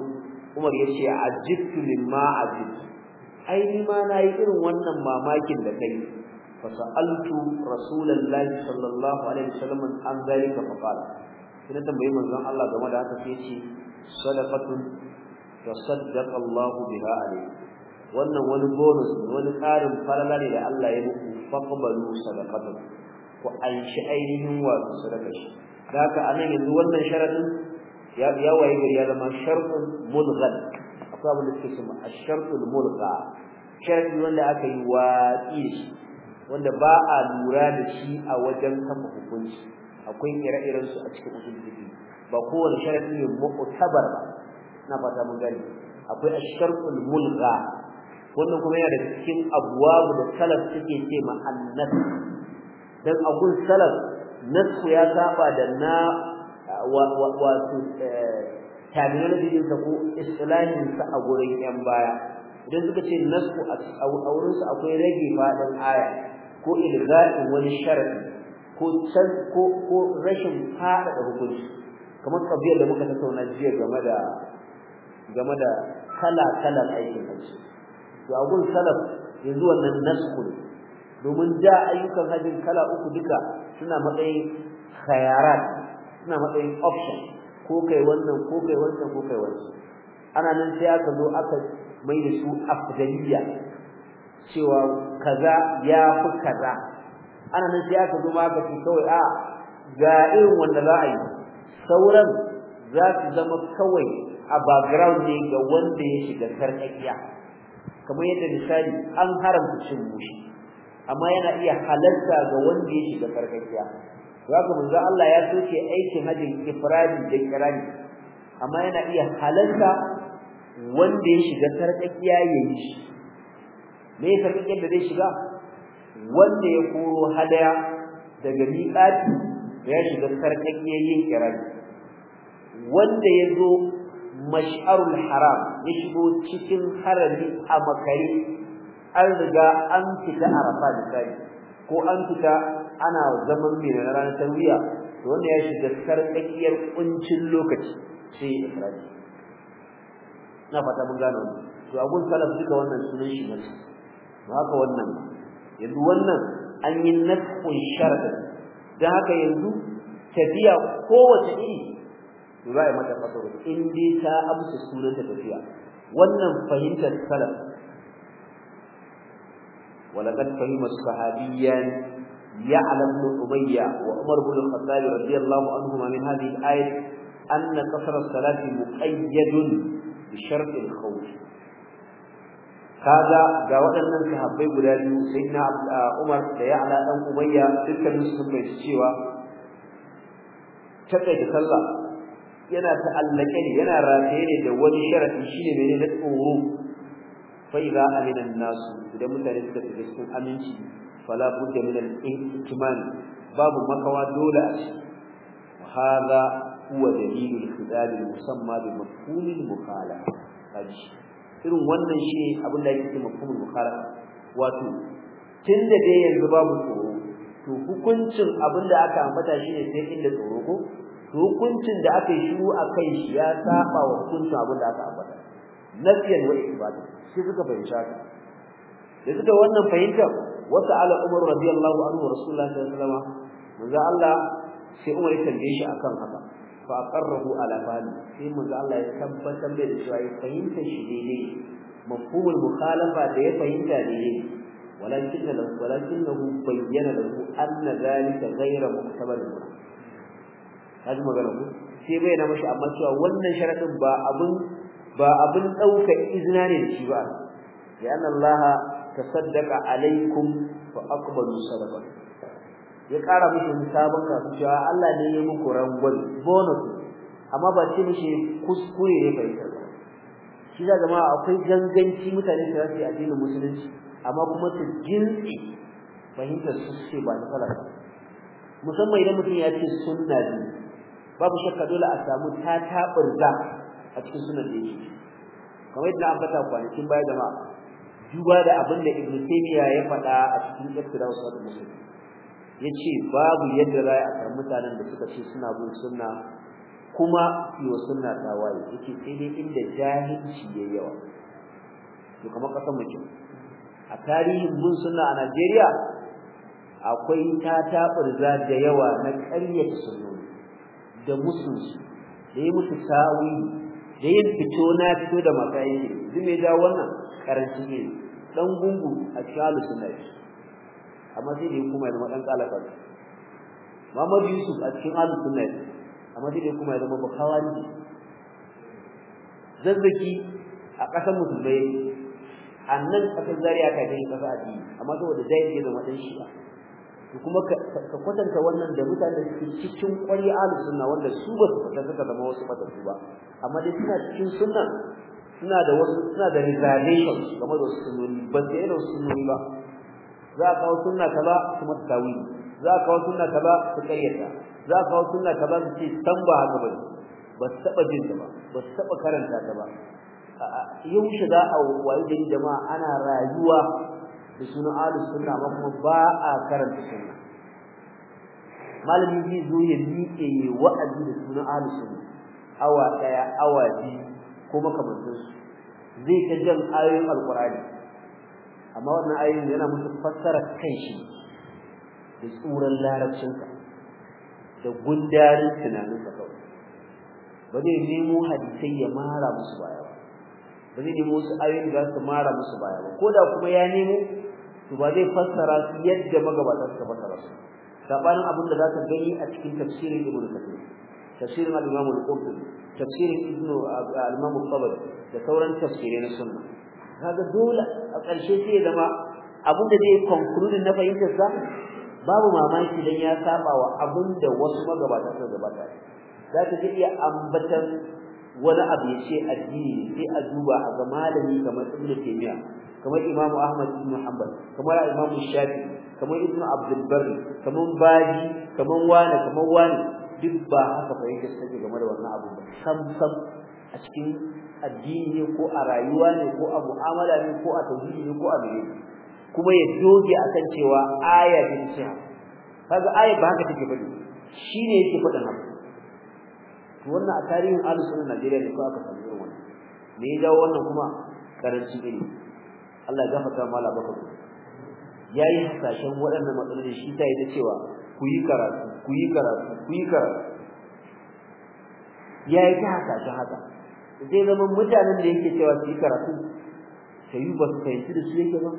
umar ce ajibtu mimma ajibtu ai ni ma nayi irin wannan mamakin da kai fa sa'altu rasulullahi sallallahu alaihi wasallam an zalika fa qala ina tambayi manzon Allah game da haka sai ce sadaqatun tasaddaqa Allah biha alayhi wannan wani bonus wani tsarin falala ne da Allah ya muku faqbalu sadaqatun ku anshi ainihin wato sadaka shi haka anan yanzu wannan sharadin ya ya waye gari ya zama shartun mudghal ko abin da suke cewa ash-shartul mulqa sharadi wanda aka yi watsi wanda ba a lura da shi a wajen kafa hukunci akwai ire-iren su a cikin usul fiqh ba kowane sharadi ne mu'tabar ba na fata mun gani akwai ash-shartul mulqa wannan kuma yana da cikin abwabu da salaf suke ce ma annas dan akun salaf nasu ya saba da na wato tabirin bidin ko islahin sa a gurin yan baya idan suka ce nasku a wurin su akwai rage fadin aya ko ilga'in wani sharadi ko san ko ko rashin fada da hukunci kamar kabiyar da muka tattauna jiya game da game da kala kalan aikin hajji to a gun salaf yanzu wannan nasku domin da ayyukan hajjin kala uku duka suna matsayin khayarat suna matsayin option ko kai wannan ko kai wannan ko kai wannan ana nan sai aka zo aka mai da su afdaliya cewa kaza ya fi kaza ana nan sai aka zo ma aka ce kawai a ah, ga irin wanda za a yi sauran za su zama kawai a background ne ga wanda ya shiga sarƙaƙiya kamar yadda misali an haramta cin mushi amma yana iya halarta ga wanda ya shiga sarƙaƙiya zaka manzo Allah ya soke aikin hajjin ifradi da kirani amma yana iya halarta wanda ya shiga sarkakiya yayi shi me sarkakiyar da zai shiga wanda ya koro hadaya daga miƙati ya shiga sarkakiyar yin kirani wanda ya zo mash'arul haram ya shigo cikin harami a makare an riga an fita arafa da kai ko an fita ana zaman mai na ranar tarbiya to wanda ya shiga sarƙaƙiyar kuncin lokaci sai ya ifradi na fata mun gano to a gun salaf duka wannan sunan shi ne Ba haka wannan yanzu wannan an yi nasqun sharadi Da haka yanzu tafiya kowace iri to za a yi mata fasaro in dai ta amsa sunan ta tafiya wannan fahimtar salaf ولقد فهم الصحابيان يعلم بن أمية وعمر بن الخطاب رضي الله عنهما من هذه الآية أن قصر الصلاة مقيد بشرط الخوف هذا جاءت من صحابي غلالي سيدنا عمر da Ya'la dan Umayya dukkanin su bai cewa take yana ta'allake yana rataye ne da wani sharadi shine menene na tsoro fa idza amina an idan mutane suka tafi cikin aminci fala budda min al-ihtimal babu makawa dole a ci hadha huwa dalilul khidal musamma bi mafhumil mukhalafa kaji irin wannan shine abin da yake mafhumul mukhalafa wato tunda dai yanzu babu tsoro to hukuncin abin da aka ambata shine sai inda tsoro ko to hukuncin da aka yi shiru akan shi ya saba wa hukuncin abin da aka ambata nasiyan wa ibada shi suka fahimta da suka wannan fahimtar wa sa'ala umar radiyallahu anhu rasulullahi sallallahu alaihi wasallam manzo Allah sai umar ya tambaye shi akan haka fa aqarrahu ala bali sai manzo Allah ya tabbatar da cewa ya fahimta shi daidai mafhumul mukhalafa da ya fahimta daidai walakin lahu walakinahu bayyana lahu anna zalika ghayra muhtamal kaji magana ku sai bai na mashi amma cewa wannan sharadin ba abin ɗauka izina ne da shi ba ya tasaddaqa alaikum fa aqbalu sadaqa ya kara mishi sabon kasu cewa Allah ne ya muku rangon bonus amma ba ce mishi kuskure ne fa ita shi da jama'a akwai ganganci mutane da su addinin musulunci amma kuma su jinsi fahimtar su ce ba ta sallah musamman idan mutum ya ce sunna ne babu shakka dole a samu ta taburza a cikin sunan da yake kamar yadda ambata kwanakin baya jama'a duba da abin da ibn taymiya ya faɗa a cikin iktidar usul muslim yace babu yadda za a samu mutanen da suka ce suna bin sunna kuma yi sunna sunna waye yace sai dai inda jahilci ya yawa to kamar kasan mu a tarihin bin sunna a Najeriya akwai ta burza da yawa na ƙaryata sunnoni da musunsu da yi musu sawi da yin fito na fito da masu zai mai wannan karancin ilimi dan gungu a cikin sunna amma sai dai kuma ya zama dan kalaka Muhammad Yusuf a cikin al sunna amma sai dai kuma ya zama kawani zazzaki a ƙasar musulmai annan kasar zariya ka gani kasa addini amma saboda zai da madan shi ba kuma ka kwatanta wannan da mutanen da suke cikin ƙwari al sunna wanda su ba su fita suka zama wasu fatatu ba amma dai suna cikin sunnah suna da wasu suna da reservation game da wasu sunnoni ba sai yi da wasu sunnoni ba za a kawo sunna kaza su mata za a kawo sunna kaza su karyata za a kawo sunna kaza su ce san ba haka ba ba su taɓa jin ta ba ba su taɓa karanta ta ba yaushe za a wayi da jama'a ana rayuwa da suna ahlus sunna ba kuma ba a karanta sunna malami zai zo ya miƙe wa'azi da suna ahlus sunna awa ɗaya awa biyu ko makamantin su zai ta jan ayoyin alkurani amma wannan ayoyin yana musu fassara kan shi da tsuran larabcinka. da gundarin tunanin kawai ba zai nemo hadisai ya mara musu baya ba ba zai nemo wasu ayoyin da su mara musu baya ba ko da kuma ya nemo to ba zai fassara su yadda magabata suka fassara su sabanin abin da za ka gani a cikin tafsirin ibnu kathir tafsirin al-imam al-qurtubi tafsirin ibnu al-imam al da sauran tafsirai na sunna kaga dole a ƙarshe sai ya zama abin da zai conclude na fahimtar sa babu mamaki dan ya saba wa abin da wasu magabata suka gabata za ka ji iya ambatar wani abu ya ce addini sai a duba a ga malami kamar ibn taymiya kamar imamu ahmad ibn hanbal kamar imamu shafi kamar ibn abdul barri kamar baji kamar wani kamar wani duk ba haka ba yake take game da wannan abu sam sam a cikin addini ne ko a rayuwa ne ko a mu'amala ne ko a tauhidi ne ko a mene kuma ya doge akan cewa aya din ce kaga aya ba haka take bane shine yake faɗa nan to wannan a tarihin al sunna Najeriya ne ko aka samu irin wannan me ya dawo wannan kuma karanci ne. Allah ya gafarta mala baka yayi hasashen waɗannan matsalolin shi ta yi da cewa ku yi karatu ku yi karatu ku yi karatu ya yi ta haka ta haka zai zama mutanen da yake cewa su yi karatu ta yi ba su fahimci da su yake ba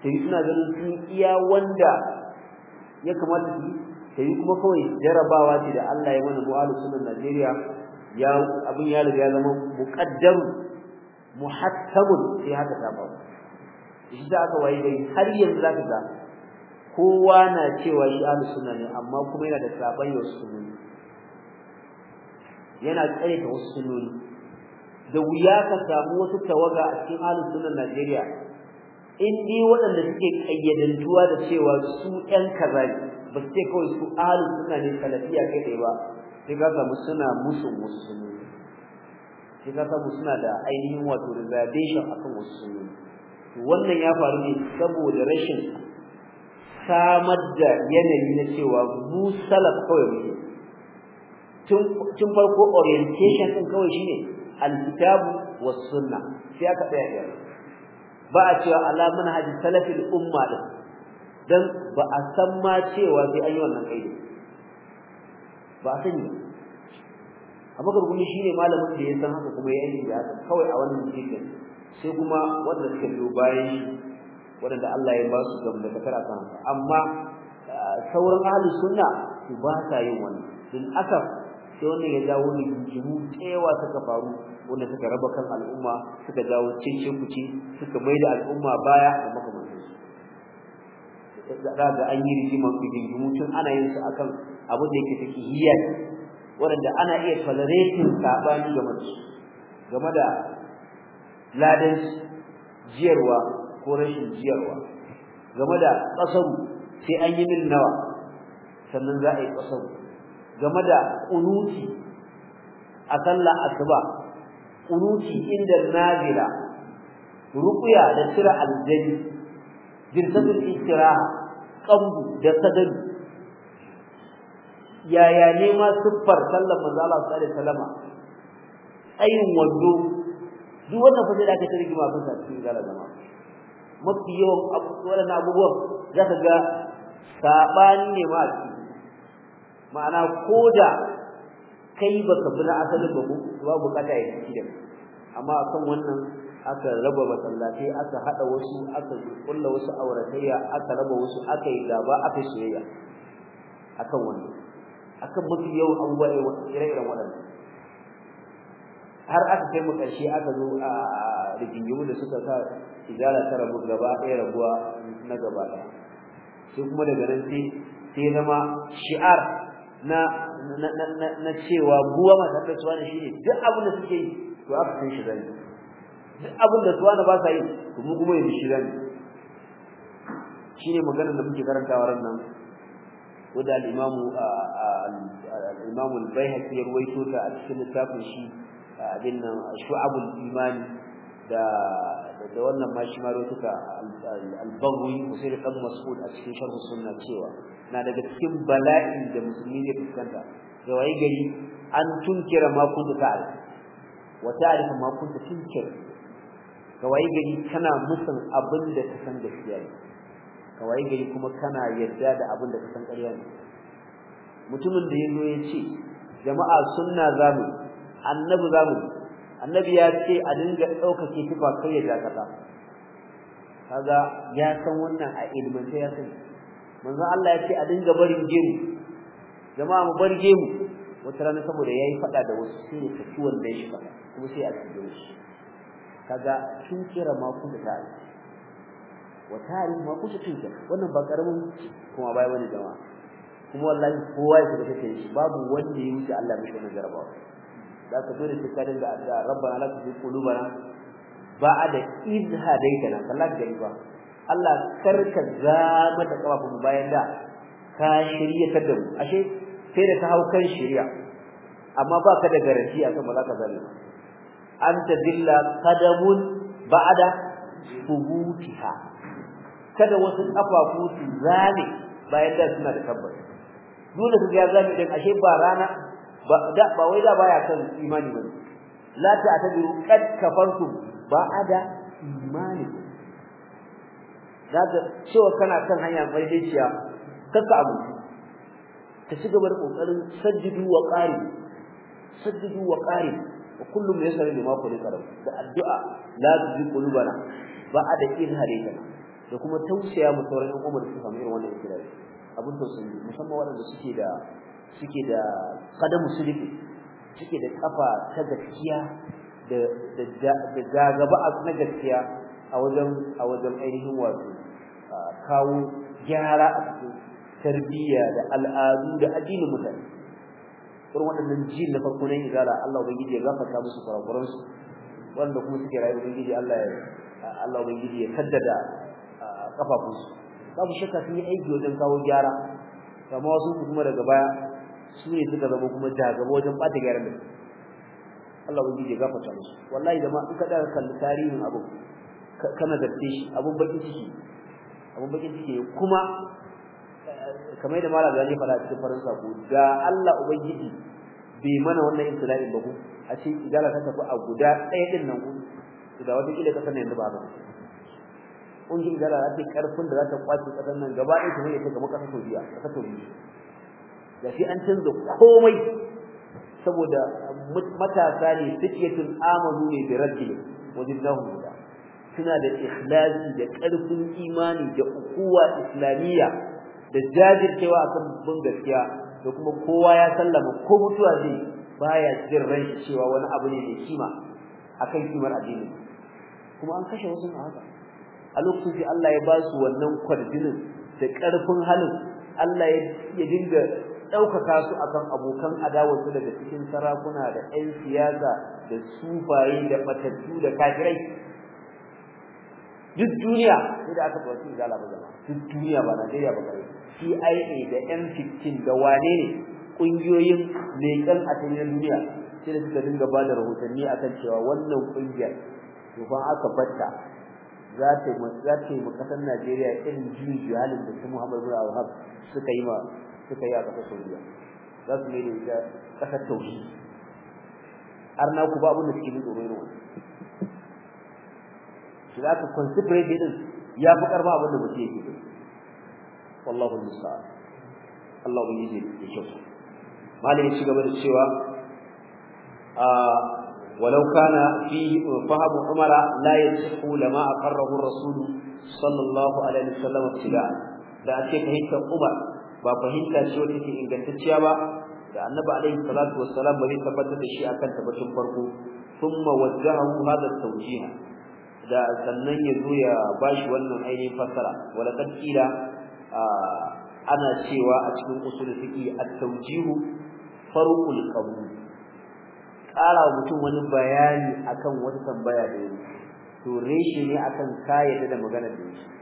ta yi suna ganin sun iya wanda ya kamata su yi ta yi kuma kawai jarabawa ce da Allah ya wani bu'alu sunan Najeriya ya abin ya riga ya zama muqaddam muhattamun sai haka ta ba shi da aka waye dai har yanzu zaka ga kowa na cewa shi ahlus sunna ne amma kuma yana da sabon wasu sunnoni yana tsare da wasu sunnoni da wuya ka samu wasu tawaga a cikin ahlus sunnan Najeriya in dai waɗanda suke kayyadantuwa da cewa su ɗan kaza ne ba su ce kawai su ahlus sunna ne salafiya kai tsaye ba sai ka samu suna musu wasu sunnoni sai ka samu suna da ainihin wato reservation akan wasu sunnoni wannan ya faru ne saboda rashin samar da yanayi na cewa mu salaf kawai muke tun farko orientation din kawai shine alkitabu wa sunna sai aka tsaya da ba a cewa ala manhaji salafil umma din dan ba a san ma cewa sai an yi wannan kaidi ba san ni amma kuma shine malamin da ya san haka kuma ya yi da kawai a wannan cikin sai kuma wanda suka biyo bayan waɗanda Allah ya basu su gamdakatar akan amma eh, sauran ahli sunna su ba ta yin wannan din aka don ya dawo ne jimu tsewa suka faru wanda suka raba kan al'umma suka dawo cincin kuci suka maida al'umma baya da su. da ga an yi rigiman rigingimu tun ana yin su akan abu da yake fikihiyya waɗanda ana iya tolerating sabani game da game da ladanci jiyarwa ko rashin jiyarwa game da qasaru sai an yi min nawa sannan za a yi qasaru game da unuti a sallar asuba unuti inda nazila ruqya da tira aljani jinsatul istiraha qabdu da tsadar yaya ne ma siffar sallar manzo Allah sallallahu alaihi wasallam ayin wando duk wannan fa sai da aka tarjuma kan sa cikin galaba mafi yawan waɗannan abubuwan za ka ga saɓani ne ma a ma'ana ko da kai baka bi na asalin babu ba bukata ya ci da amma akan wannan aka raba masallatai aka hada wasu aka kulla wasu auratayya aka raba wasu aka yi gaba aka soyayya akan wannan akan mafi yawan abubuwa ire-iren waɗannan har aka kai mu karshe aka zo a rigingimu da suka sa izala ta rabu gaba ɗaya rabuwa na gaba ɗaya sai kuma daga nan sai sai zama shi'ar na na cewa buwa masu da suwa ne shine duk abin da suke yi to aka san shi zani duk abin da suwa ba sa yi to mu kuma yi shi zani shine maganar da muke karantawa ran nan da al-imamu al-imamu al bayhaqi ya ruwaito ta a cikin littafin shi abin nan shu'abul imani da da wannan ma shi ma rotuka al-bagwi usul ibn mas'ud a cikin sharh sunna cewa na daga cikin bala'i da musulmi ne fuskanta da waye gari an tunkira ma kunta ta'al wa ta'rifu ma kunta tunkir ga waye gari kana musun abin da ka san gaskiya ne ga waye gari kuma kana yarda da abin da ka san ƙarya ne mutumin da yazo ya ce jama'a sunna zamu annabi zamu annabi ya ce a dinga daukake tufa kai ya dakata kaga ya san wannan a ilmin sai ya san manzo Allah ya ce a dinga barin gemu jama'a mu bar gemu wata rana saboda yayi fada da wasu sai ka ci wanda ya fada kuma sai a cikin shi kaga kin kira ma ku da wa tarih ma ku cikin wannan ba karamin kuma bai wani jama'a kuma wallahi kowa ya shiga cikin shi babu wanda ya wuce Allah mishi wannan jarabawa zaka dole sai ka dinga addu'a rabbana la tuzigh qulubana ba'da idh hadaytana sallallahu alaihi wa Allah karka zama da mu bayan da ka shirye ta da mu ashe sai da ka hau kan shirya amma ba ka da garanti akan ba za ka zame an tadilla qadamun ba'da subutiha kada wasu kafafu su zame bayan da suna da tabbata dole su ga zame din ashe ba rana ba da ba wai da baya kan imani bane la ta'tadiru kad ba ada imani daga cewa kana kan hanya mai daiciya kaka abu ta ci gaba da kokarin sajjidu wa qari sajjidu wa qari kullum yasari lima kulli karam da addu'a la tadiru qulubana ada in halika da kuma tausaya mu sauraron umar su kamar irin wannan ikirari abin tausayi musamman waɗanda suke da suke da qadamu sidiki suke da kafa ta gaskiya da da gagaba na gaskiya a wajen a wajen ainihin wato kawo gyara a cikin tarbiyya da al'adu da addinin mutane kuma waɗannan jin na farko na ga Allah ubangiji ya gafarta musu kurakuran su wanda kuma suke rayuwa ubangiji Allah ya Allah ubangiji ya kaddada kafafun su babu shakka sun yi aiki wajen kawo gyara kamar wasu kuma daga baya su ne suka zama kuma jagaba wajen bata gyaran da Allah ubangi ya gafarta musu wallahi jama'a in ka da kalli tarihin abu kana da shi abun bakin ciki abun bakin ciki kuma eh, kamar yadda malam zani fara cikin faransa ku, ga Allah ubangiji bai mana wannan ibtila'in ba ku a ce idala ta tafi a guda ɗaya din nan ku da wata kila kasar na yanzu ba ba ungin idala da ta karfin da za ta kwace kasar nan gaba ɗaya ta hanyar ta ga makasar Saudiya ta Saudiya shi an canza komai saboda matasa ne tun amanu ne da rabbihim wajen da suna da ikhlasi da ƙarfin imani da ukuwa islamiyya da jajircewa akan bin gaskiya da kuma kowa ya sallama ko mutuwa zai baya jin ran shi cewa wani abu ne mai kima a kan kimar addini kuma an kashe wasu a haka a lokacin da Allah ya ba su wannan kwarjinin da ƙarfin halin Allah ya dinga daukaka su akan abokan adawarsu daga cikin sarakuna da 'yan siyasa da sufaye da matattu da kafirai duk duniya sai da aka ɗauki cikin ba zama duk duniya ba Najeriya ba kai CIA da M15 da wane ne ƙungiyoyin leƙen asirin duniya sai da suka dinga ba da rahotanni akan cewa wannan ƙungiyar to ba aka batta za ta yi mu ƙasar Najeriya irin juyin halin da su Muhammadu Buhari suka yi ma suka yi a ƙasar saudiya za su mai da ƙasar taushi har na ku ba abin da suke bi tsoro ruwa shi za ka considerate din ya fi karba abin da mutum yake bi wallahu musa Allah ubangi ji da kyau malam ya ci gaba da cewa a walau kana fi fahimu umara la da ma aqarrahu ar-rasul sallallahu alaihi wasallam ibtida da ake fahimtar umar ba fahimta ce wacce take ingantacciya ba da annabi alaihi salatu wassalam bai tabbatar da shi akan tabbatun farko thumma wajjahu hadha tawjiha da sannan ya zo ya bashi wannan ainihin fassara wala qila ana cewa a cikin usul fiqi at-tawjihu farqul qabul kala mutum wani bayani akan wata tambaya da yake to ne akan kayyade da magana da yake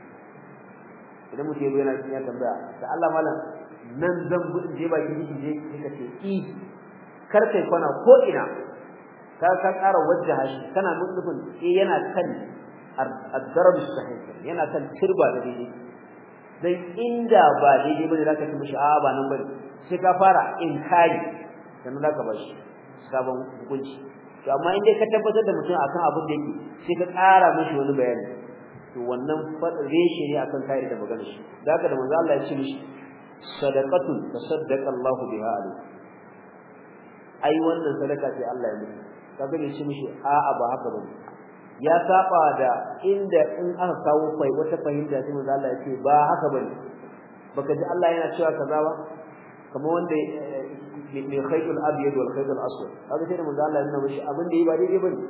idan mutum ya zo yana cikin ya tambaya da Allah malam nan zan bi in je ki ciki je ki kace i kar kai kwana ko ina ka ka ƙara wajjaha shi kana nufin eh yana kan ad-darab sahih yana kan turba da daidai dan inda ba daidai bane zaka ci mishi a ba nan bane sai ka fara inkari dan zaka bashi, sabon hukunci to amma in dai ka tabbatar da mutum akan abin da yake sai ka ƙara mishi wani bayani to wannan reshe ne akan kai da magana shi da da manzo Allah ya ce mishi sadaqatu tasaddaqa Allahu biha alayhi ai wannan sadaka ce Allah ya yi kaga ne shi mishi a'a ba haka ba ya saba da inda in aka kawo fai wata fahimta sai manzo Allah ya ce ba haka bane baka ji Allah yana cewa kaza ba kamar wanda eh, eh, mai khaytul abyad wal khaytul aswad kaga sai manzo Allah ya nuna mishi abin da yi ba daidai bane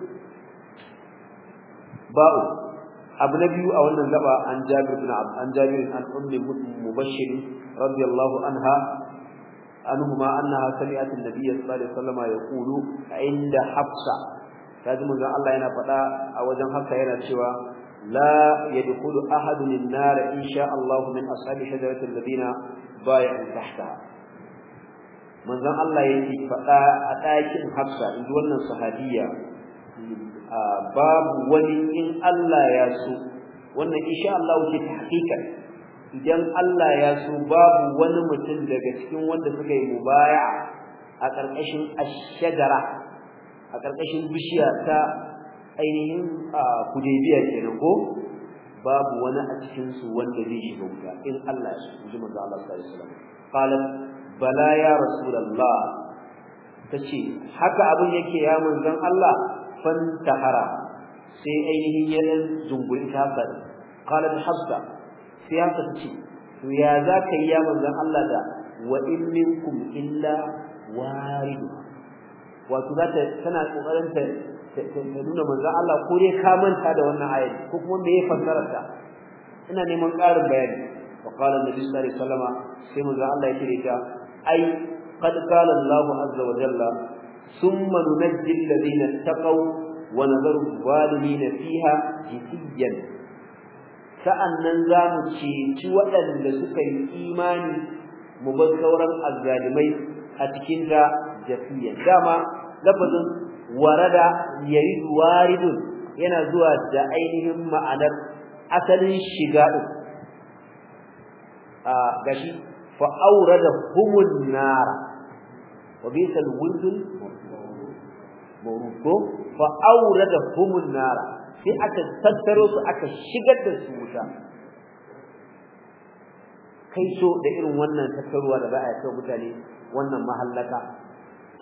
ba'u abu na biyu a wannan gaba an jabir bin an jabir an ummi radiyallahu anha anhuma annaha sami'at an-nabiy sallallahu alaihi wasallam yaqulu inda hafsa kaji manzo Allah yana faɗa a wajen hafsa yana cewa la yadkhulu ahadun an-nar insha Allah min ashabi shajarati alladhina bay'u tahtaha manzo Allah yake faɗa a ɗakin hafsa inda wannan sahabiya babu wani in Allah ya so wannan insha Allah wuce ta hakika idan Allah ya so babu wani mutum daga cikin wanda suka yi mubaya a ƙarƙashin ashjara a ƙarƙashin bishiya ta ainihin kudaybiya kenan ko babu wani a cikin su wanda zai shiga wuta in Allah ya so ji manzo Allah sallallahu alaihi wasallam qalat bala ya rasulullah tace haka abin yake ya manzon Allah fantahara sai ainihin ya zunguri ta habba qalat habba sai haka ce to ya za ka yi ya Allah da wa in illa warid wato za ta tana kokarin ta nuna manzon Allah ko dai ka manta da wannan ayat ko kuma me ya fassara ta ina neman ƙarin bayani wa qala annabi sallallahu sai manzon Allah ya ce ta ai qad qala azza wa jalla ثم ننجي الذين اتقوا ونذر الظالمين فيها جثيا sa'annan za mu ceci waɗanda suka yi imani mu bar sauran azzalimai a cikin Da jafiya dama lafazin warada yayi waridun yana zuwa da ainihin ma'anar asalin shiga din a gashi fa aurada humun nara wa bisal wurdul mawrudo fa sai aka tattaro su aka shigar da su wuta kai so da irin wannan tattaruwa da ba a kai mutane wannan mahallaka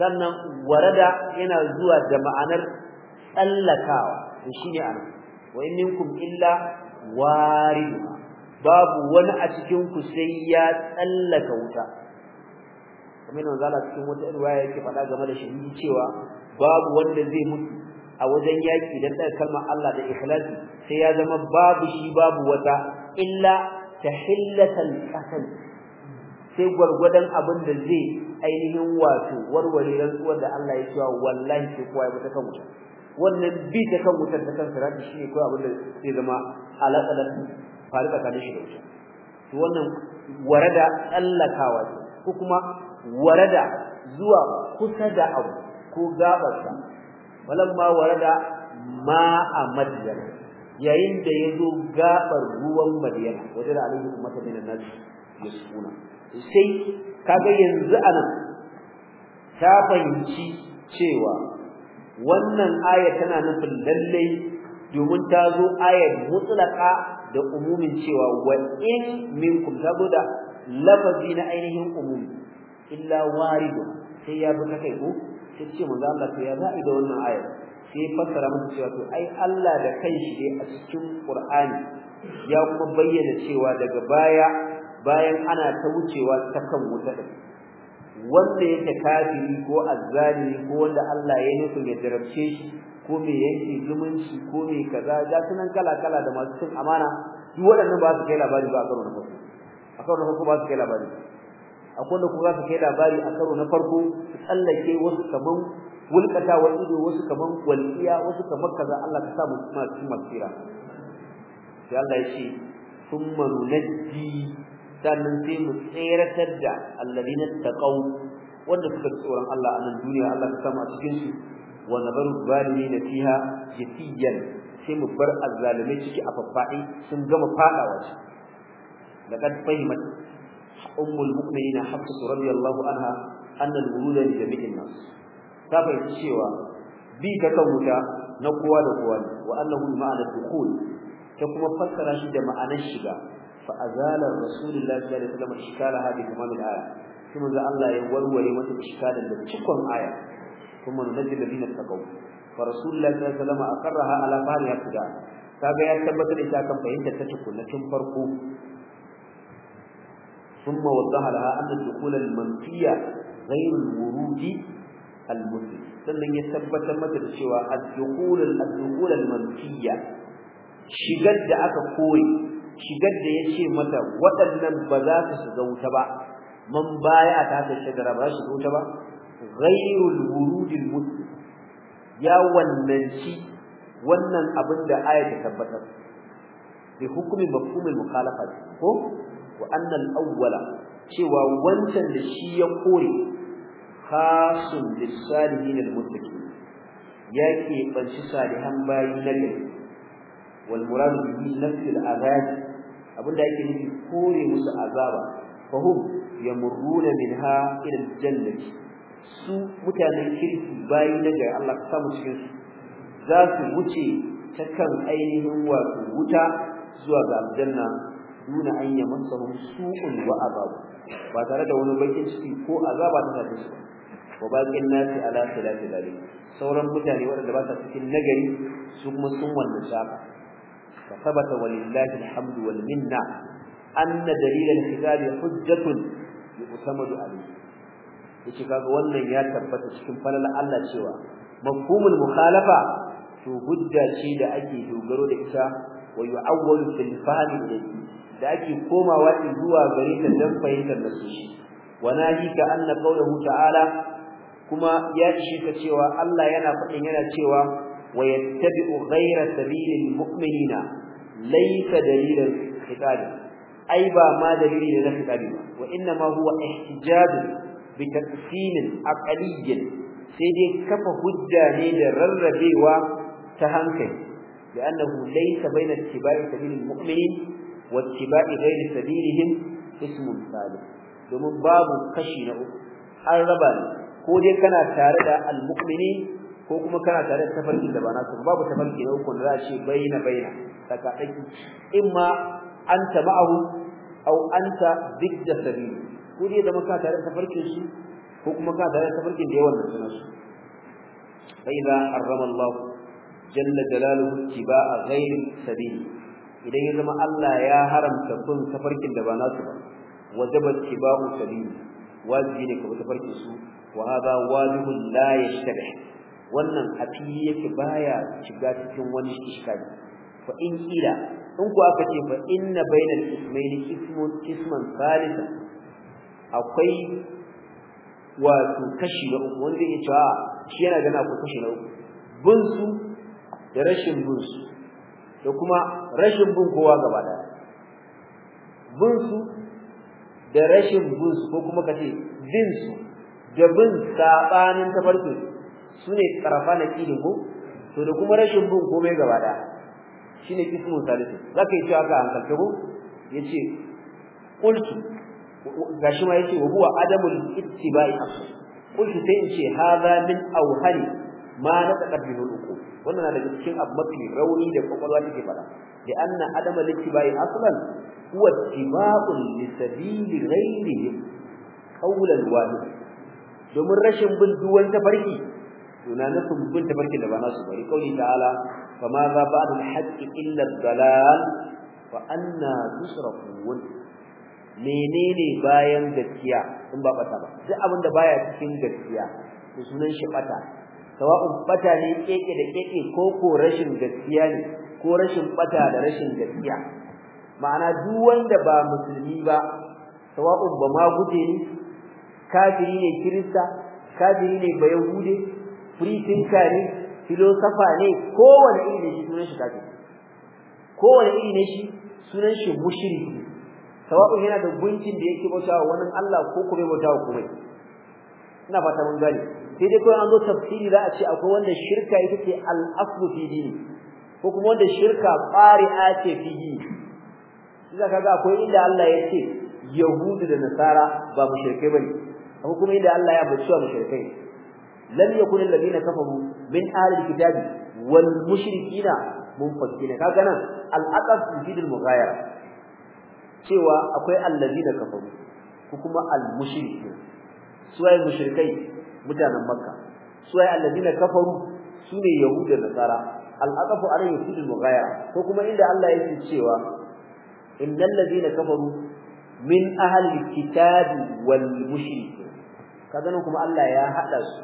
sannan warada yana zuwa da ma'anar tsallakawa to ne anan wa in minkum illa warid babu wani a cikin ku sai ya tsallaka wuta kamar yadda cikin wata riwaya yake faɗa game da shahidi cewa babu wanda zai mutu a wajen yaki dan da kalmar Allah da ikhlasi sai ya zama babu shi babu wata illa tahillatan qatl sai gwargwadon abin da zai ainihin wato warware rantsuwar da Allah ya wa wallahi sai kowa ya mutu kan wuta wannan bi ta kan wutar ta kan sirati shi ne kowa abin da zai zama alaƙalar faru kan shi da wuta to wannan warada tsallakawa ce ko kuma warada zuwa kusa da abu ko gabarsa walamma warada ma a madiyana yayin da ya zo gabar ruwan madiyana wajen da alaihi ummata min annas yasquna sai kaga yanzu anan ta fahimci cewa wannan aya tana nufin lalle domin ta zo ayar mutlaka da umumin cewa wa in minkum ta zo da lafazi na ainihin umumi illa waridu sai ya bi kai ko sai ce manzo Allah to ya za'i da wannan ayar sai fassara musu cewa to ai Allah da kanshi ne a cikin Qur'ani ya kuma bayyana cewa daga baya bayan ana ta wucewa ta kan wuta din wanda yake kafiri ko azzalimi ko wanda Allah ya nufi ya jarabce shi ko me yanke zumunci ko me kaza ga sunan kala kala da masu cin amana duk waɗannan ba su kai labari ba a karo na farko a karo na farko ba su kai labari akwai wanda kuma za su kai labari a karo na farko su tsallake wasu kaman wulkatawa ido wasu kaman walƙiya wasu kaman kaza Allah ka sa mu kuma cikin masira sai Allah ya ce thumma nunajji sannan sai mu tseratar da alladina taqaw wanda suka tsoron Allah a nan duniya Allah ka sa mu a cikin su wa nabaru zalimin fiha jafiyan sai mu bar azzalimai ciki a faffaɗi sun gama fadawa shi laqad fahimat ummul na hafsatu radiyallahu anha anna al-wurud li jami'in nas ta bayyana cewa bi ka kan wuta na kowa da kowa ne wa annahu ma'ana dukhul ta kuma fassara shi da ma'anar shiga fa azala rasulullahi sallallahu alaihi wasallam ishkala hadi kamal al-aya kuma da Allah ya warware mata ishkalan da cikon aya kuma nazil ladina fa kaga ya tabbatar da ita kan fahimtar ta tukunna tun farko ثم وضح لها أن الدخول المنفية غير الورود المثل sannan ya tabbatar mata da cewa a dukhul ad Mantiya shigar da aka koyi shigar da yace mata waɗannan ba za su shiga wuta ba man baya ta ta shagara ba su wuta ba ghayrul wurud al-mutlaq ya wannanci wannan abin da aya ta tabbatar bi hukumi mafhumul mukhalafa ko wa annal awwala cewa wancan da shi ya kore khasun lisalihin almuttaqin ya ke banci salihan bayi na gari wal murad bihi nafsi al'azab abinda yake nufi kore musu azaba fahum yamurruna minha ila aljannati su mutanen kirki bayi na gari Allah samu cikin su za su wuce ta kan ainihin wato wuta zuwa ga aljanna duna an yamassahu su'un wa azab ba tare da wani bakin ciki ko azaba ta tafi su wa baqin nasi ala salati dalik sauran mutane waɗanda ba sa cikin nagari su kuma sun wannan shafa fa sabata walillahi alhamdu wal minna anna dalil al-hisabi hujjatun yu'tamadu alayhi yace kaga wannan ya tabbata cikin falal Allah cewa mafhumul mukhalafa to hujja ce da ake dogaro da ita wa yu'awwalu fil fahmi da ake komawa zuwa gare ta dan fahimtar da shi wa nahika anna qawluhu ta'ala kuma ya ishe ka cewa Allah yana faɗin yana cewa wa yattabi'u ghayra sabilil mu'minina laysa dalilan khitabi ai ba ma dalili da na ba wa inna ma huwa ihtijaj bi taqsim aqliy sai dai kafa hujja ne da rarrabewa ta hankali لأنه ليس بين اتباع سبيل المؤمنين wattiba'i ghairi sabilihim ismun salih domin babu kashi na uku an raba ne ko dai kana tare da almu'mini ko kuma kana tare da tafarkin da ba nasu babu tafarki na uku da za a ce baina baina daga tsaki imma anta ma'ahu aw anta bidda sabili ko dai zama ka tare da tafarkin su ko kuma ka tare da tafarkin da yawan da sunan su fa idza harrama Allah jalla jalaluhu tibaa ghairi sabili idan ya zama Allah ya haramta kun tafarkin da ba nasu ba wajaba tibau sabili wajibi ne ka tafarkin su wa hada wajibun la yashtabi wannan hafi yake baya shiga cikin wani iskali fa in kila in ku aka ce fa inna bainal ismail ismun isman salisa akwai wato kashi na uku wanda yake cewa shi yana gana ku kashi na uku bin su da rashin bin su da kuma rashin bin kowa gaba daya bin su da rashin bin su ko kuma kace bin su da bin sabanin tafarki su ne karafa na kidin ko to da kuma rashin bin komai gaba daya shine kismun salisu zaka yi cewa ka hankalta ko yace qultu gashi ma yace wa huwa adamul ittiba'i qultu sai in ce hadha min awhali ma na taqabbilu uku wannan na daga cikin abu mafi rauni da kwakwalwa take fada da anna adama littibai aslan huwa ittiba'un li sabili ghairihi qawlan wahid domin rashin bin duwan tafarki tunanin sun bin tafarkin da ba nasu bari kauli ta'ala fa ma za ba'd al-haqq illa ad-dalal fa anna tusrafun menene bayan gaskiya in ba bata ba duk abin da baya cikin gaskiya to sunan shi bata sawa'un bata ne keke da keke ko ko rashin gaskiya ne ko rashin bata da rashin gaskiya ma'ana duk wanda ba musulmi ba sawa'un ba ma gude ne kafiri ne kirista kafiri ne ba yahude free thinker ne filosofa ne kowane iri ne shi sunan shi kafiri kowane iri ne shi sunan shi mushriki sawa'un yana da gunkin da yake bautawa wani Allah ko kuma bautawa kuma ina fata mun gane sai dai kawai an zo tafsiri za a ce akwai wanda shirka ita ce al-aslu fi dini ko kuma wanda shirka qari'a ce fi dini idan kaga akwai inda Allah ya ce yahudu da nasara ba mu shirke bane ko kuma inda Allah ya bace wa mushrikai lam yakun alladhina kafaru min ahli kitabi, wal mushrikina munfakkina kaga nan al-aqab yufidu al-mughayara cewa akwai alladhina kafaru ko kuma al-mushrikina suwaye mushrikai mutanen makka su ai alladina kafaru sune yahuda da nasara al'aqafu alayhi yufidu mughayara ko kuma inda Allah yake cewa innal ladina kafaru min ahli kitabi wal mushrikin kaga nan kuma Allah ya hada su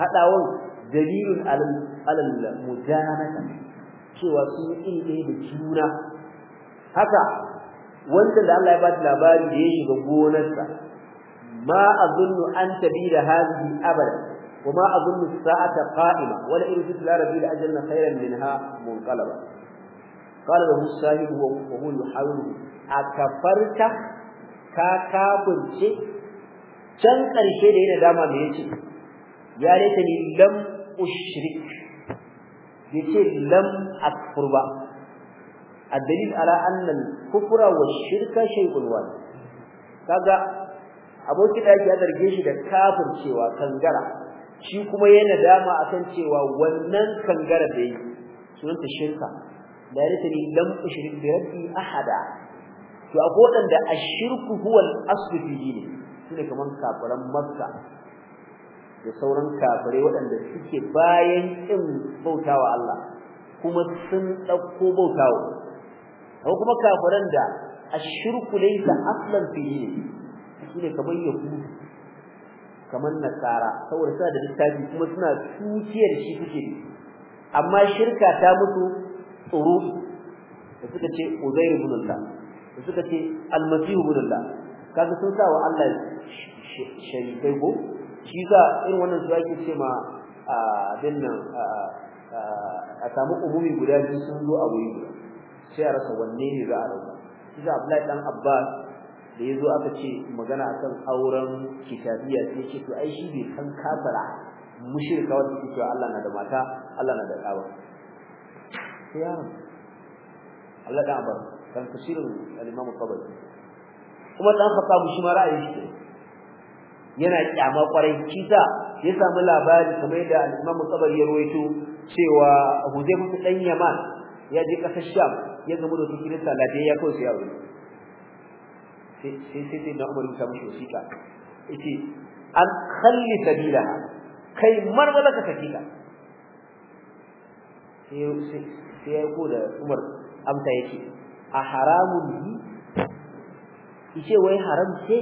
hadawan dalilun alal alal mujanata cewa su ilmi da juna haka wanda da Allah ya ba labari da ya shiga gonarsa ma azunnu an da hadhihi abada wa ma azunnu as-sa'ata qa'ima wa la in tutla rabbi la ajalna khayran minha munqalaba qala lahu sahibu wa huwa yuhawilu akafarta ka kafirce can karshe da yana dama me yace ya laita ni lam lam الدليل على أن الكفر والشرك شيء واحد kaga aboki daki ya zarge shi da cewa kangara shi kuma yana a akan cewa wannan kangara da yi ta shirka da yarda ni lam ushrik bi rabbi ahada to akwai da ashirku huwa al-asl fi dini sune kaman kafiran makka da sauran kafirai wadanda suke bayan kin bautawa Allah kuma sun dauko bautawa ko kuma kafiran da ashirku laysa aslan fi dini shine kamar yahudu kamar nasara saboda suna da littafi kuma suna tuciyar shi suke amma shirka ta mutu tsoro da suka ce uzair ibn Allah da suka ce almasih ibn Allah kaga sun sa wa Allah sharikai go shi za irin wannan su ake ce ma abin nan a samu umumi guda biyu sun zo a wuri sai a rasa wanne ne za a rasa shi za Abdullahi dan Abbas da yazo aka ce magana akan auren kitabiya sai ce to ai shi bai san kafara mushrika wanda ke cewa Allah na da mata Allah na da kawa sai ya Allah da abar kan tafsirin al-Imam Tabari kuma dan Khattab shi ma ra'ayin shi yana kyama kwarai kisa ya samu labari kamar da al-Imam Tabari ya rawaito cewa Hudayfa dan Yaman ya je kasar Sham ya gamu da kirista lafiya ya kawo sai ya sai sai sai na Umar ka mishi wasiƙa yace an khalli sabila kai marmaza ka saki ka sai sai ya ko da Umar amsa yake a haramun yi yace wai haram ce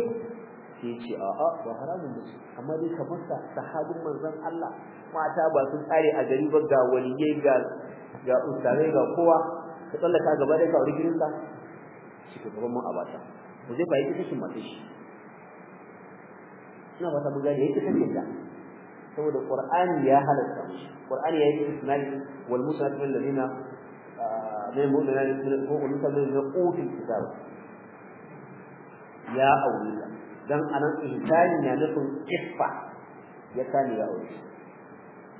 sai yace a a ba haramun ba amma dai ka sa sahabin manzon Allah mata ba sun tsare a gari ba ga waliyai ga ga ustare ga kowa ka tsallaka gaba da ka aure girinka shi ka gaban mun abata Huzaifa yake kashin matar shi ina ba ta buga ne yake kashin ta saboda ya halatta shi Quran ya yi isnad wal musnad lil ladina min mu'minina min hukum musallin da qutul kitab ya aure dan anan ihsani ne nufin iffa ya kane ya aure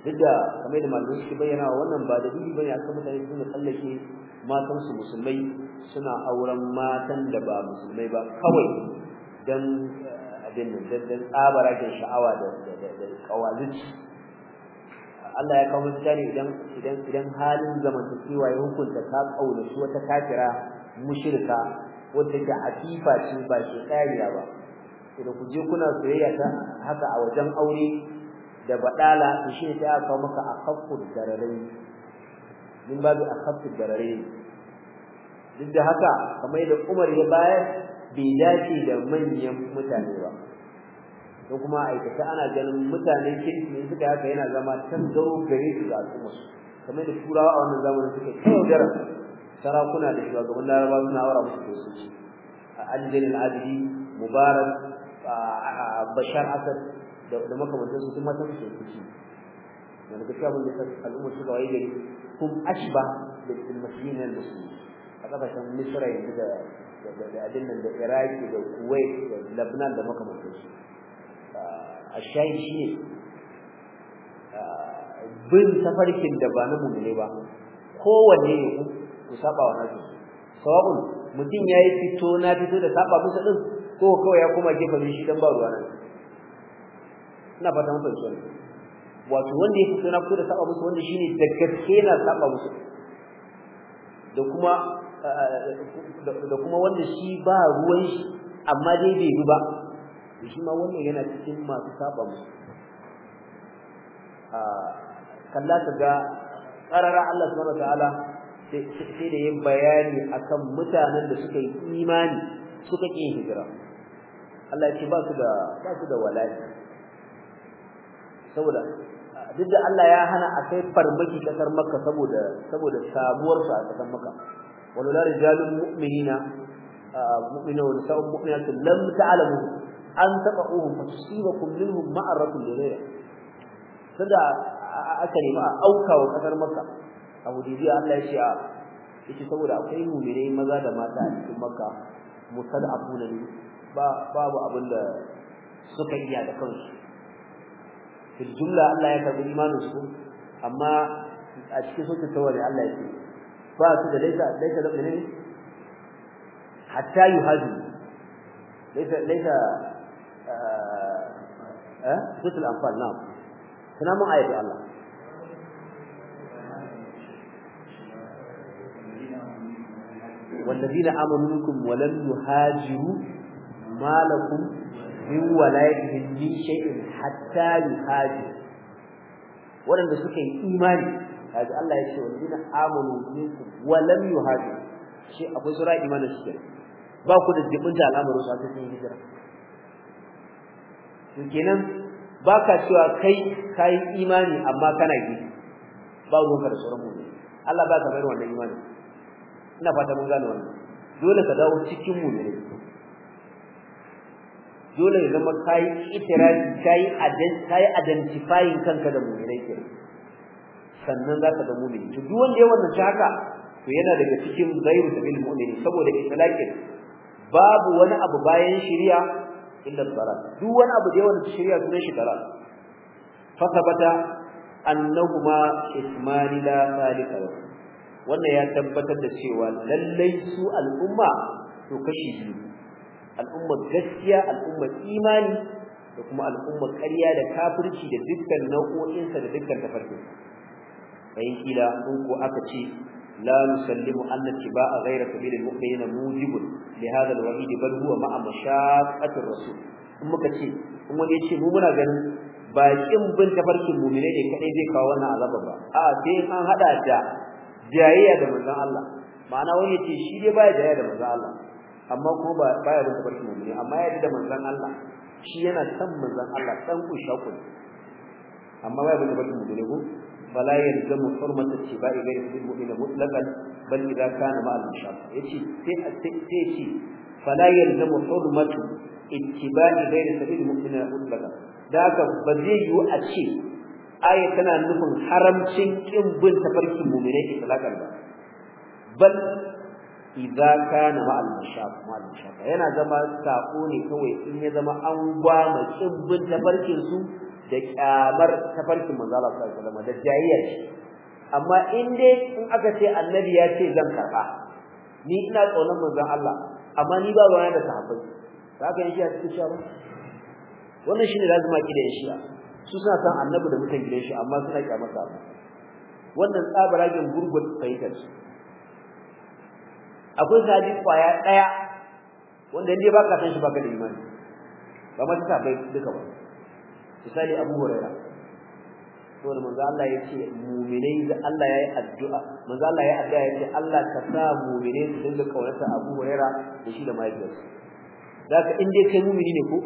duk da kamar da malamin shi bayyana wannan ba da dalili bane akan mutane tsallake matan musulmai suna auren matan da ba musulmai ba kawai dan eh, abin da dan dan tsabara ke sha'awa da da Allah ya kawo mutane idan idan idan halin zamantakewa ya hukunta ta shi wata kafira mushrika wanda ke afifa ce ba shi kariya ba idan ku je kuna soyayya ta haka a wajen aure da badala shi ta kawo maka akaffur dararai min babu dararai duk da haka kamar da Umar ya bayar bai dace da manyan mutane ba to kuma aikata ana ganin mutane ke ne suka haka yana zama tangaro gare su ga al'umma kamar da turawa a wannan zamanin suka kawo daren sarakuna da shugaban laraba suna aura musu kiristoci a aljin al'adili mubarak bashar asad da makamantar su kuma san kiristoci wanda gaskiya mun da al'umma suka waye gari kun ashba da al-muslimin a kasashen misra yanzu da da nan da iraki da kuwait da labnan da su a shayi shi ne bin tafarkin da ba na mummune ba kowanne ne ku saba wa nasu sababin mutum ya yi fito na fito da saba musu din ko kawai ya koma gefen shi dan ba ruwa nan ina fata mun fahimci wato wanda ya fito na fito da saba musu wanda shine da gaske yana saba musu da kuma da kuma wanda shi ba ruwan shi amma dai bai yi ba shi ma wannan yana cikin masu saba mu a ah, kalla ta ga qarara Allah subhanahu ta'ala sai da yin bayani akan mutanen da suka yi imani suka ƙi hijira Allah ya ce ba su da ba su da wala'i saboda duk da Allah ya hana a kai farmaki kasar Makka saboda saboda sabuwar su a kasar Makka ولولا رجال مؤمنين مؤمنون نساء مؤمنات لم تعلموا أن تقعوهم فتصيبكم منهم معرة لغيره sanda aka nemi a auka wa kasar Makka a Hudaybiya Allah ya ce a yace saboda akwai mu'minai maza da mata a cikin Makka musad'afuna ne ba babu abin da suka iya da kansu fil jumla Allah ya karbi imanin amma a cikin suka tawari Allah ya فاسد ليس ليس لمن حتى يهاجم ليس ليس قتل آه آه الأنفال نعم تنام آية الله والذين آمنوا منكم ولم يهاجروا ما لكم من ولايتهم من شيء حتى يهاجروا ولم يسكن إيماني kaji Allah ya ce wallina amanu minkum wa lam yuhajiru shi akwai sura imanin shi ba ku da jibinta al'amuru sa ta cikin hijira to kenan baka cewa kai kai imani amma kana gidi ba ruwanka da sauran mu Allah ba ka bayar wannan imani ina fata mun gane wannan dole ka dawo cikin mu ne dole ya zama kai itirazi kai adan kai identifying kanka da ne kenan sannan zaka ga mu'mini to duk wanda ya wannan haka to yana daga cikin zairu sabil mu'mini saboda itlaqin babu wani abu bayan shari'a illa darar duk wani abu da ya wannan shari'a sunan shi darar fa tabata annahuma ismani la salika wannan ya tabbatar da cewa lallai su al'umma to kashi biyu al'ummar gaskiya al'ummar imani da kuma al'ummar ƙarya da kafirci da dukkan nau'o'insa da dukkan tafarkinsa fayin kila in ku aka ce la nusallimu anna tiba a ghayra sabil al-mu'minin mujibun li hadha al-wa'id bal huwa ma'a mashaqati ar-rasul in muka ce in wani ce mu muna ganin ba bin tafarkin mu'mine ne kadai zai kawo wannan azaba ba a sai an hada da jayayya da manzon Allah ma'ana wani ya ce shi dai baya jayayya da manzon Allah amma kuma ba baya bin tafarkin mu'mine amma ya da manzon Allah shi yana san manzon Allah dan ku shakun amma baya bin tafarkin mu'mine ko فلا يلزم حرمة اتباع غير في المؤمن مطلقا بل إذا كان مع المشاقة يشي فلا يلزم حرمة اتباع غير سبيل المؤمن مطلقا ذاك بزي أشي آية تنا نفن حرم شنكم بن تفرق المؤمنين إطلاقا بل idza kana ma al مع ma al-mashaq yana zama sako ne kawai in ya zama an ba mu da kyamar tafarkin manzo Allah sallallahu alaihi wasallam da jayayya ce amma in dai in aka ce annabi ya ce zan karba ni ina tsoron manzon Allah amma ni ba ruwa da sahabbai haka yake a cikin sharu wannan shine lazima kidan shi su suna san annabi da mutan gidan shi amma suna kyamar sa wannan tsabaragen gurgur shi akwai sadi kwaya daya wanda indai baka san shi baka da imani ba ma ta bai duka ba misali Abu to da manzo Allah yake mu'minai da Allah yayi addu'a manzo Allah yayi addu'a yace Allah ka sa mu'minai su dinga kaurata Abu Huraira da shi da mahaifiyarsa zaka in dai kai mu'mini ne ko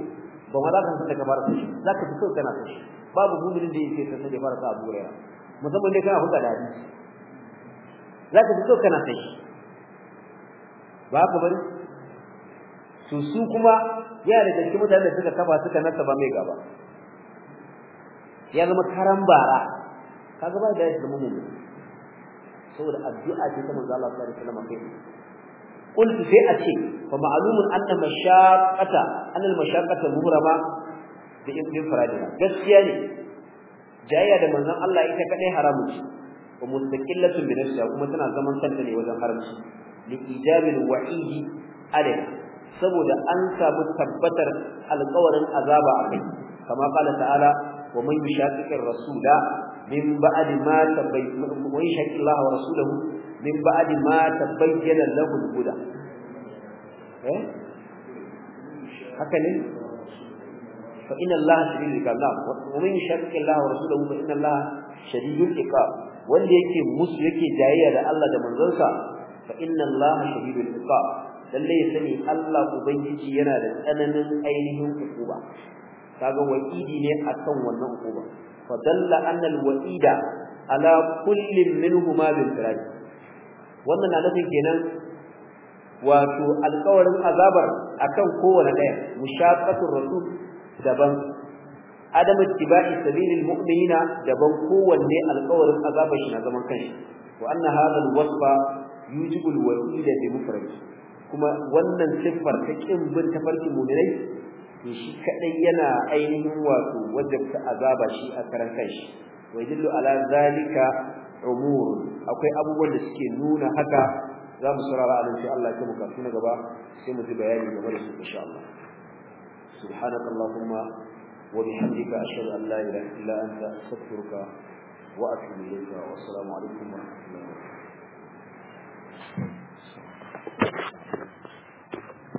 ba ma za ka san daga fara shi zaka fi so kana so babu mu'minin da yake san daga fara Abu Huraira musamman dai kana huta da shi zaka fi so kana so ba ka bari su su kuma yana da cikin mutanen da suka kafa suka nasaba mai gaba ya zama karan bara kaga ba da yake mu'min saboda addu'a ce ta manzo Allah sallallahu alaihi wasallam kai قلت في أتي فمعلوم أن مشاقة أن المشاقة مهرمة بإنفرادها gaskiya ne. jayya da manzon Allah ita kadai haramu ce wa mustaqillatun bi kuma tana zaman kanta ne wajen haramci li ijabil wa'idi saboda an samu tabbatar alƙawarin azaba a kai kama qala ta'ala ومن يشاقق الرسول من بعد ما تبين الله ورسوله من بعد ما تبين له الهدى eh haka ne fa inna allaha shadidul iqab wa man yushaqiq allaha wa rasulahu fa inna allaha wanda yake musu yake jayayya da Allah da manzonsa fa inna allaha shadidul iqab lalle ya sani Allah ubangiji yana da tsananin ainihin hukuma kaga wa'idi ne akan wannan uba. fa dalla anna al-wa'ida ala kullin minhuma bil firaj wannan na nufin kenan wato alƙawarin azabar akan kowanne ɗaya mushaqatur rasul daban adam ittiba'i sabilil mu'minina daban kowanne alƙawarin azabar shi na zaman kanshi wa anna hadha al-wasfa yujibu al-wa'ida bi mufrad kuma wannan siffar ta kin bin tafarkin mu'minai to shi kadai yana ainihin wato wajabta azaba shi a karan kanshi wa yadullu ala zalika umur akwai abubuwan da suke nuna haka za mu saurara a nan Allah ya muka tuna gaba sai mu ji bayani game da su insha Allah سبحانك اللهم وبحمدك أشهد أن لا إله إلا أنت أستغفرك Wa إليك alaikum wa ورحمة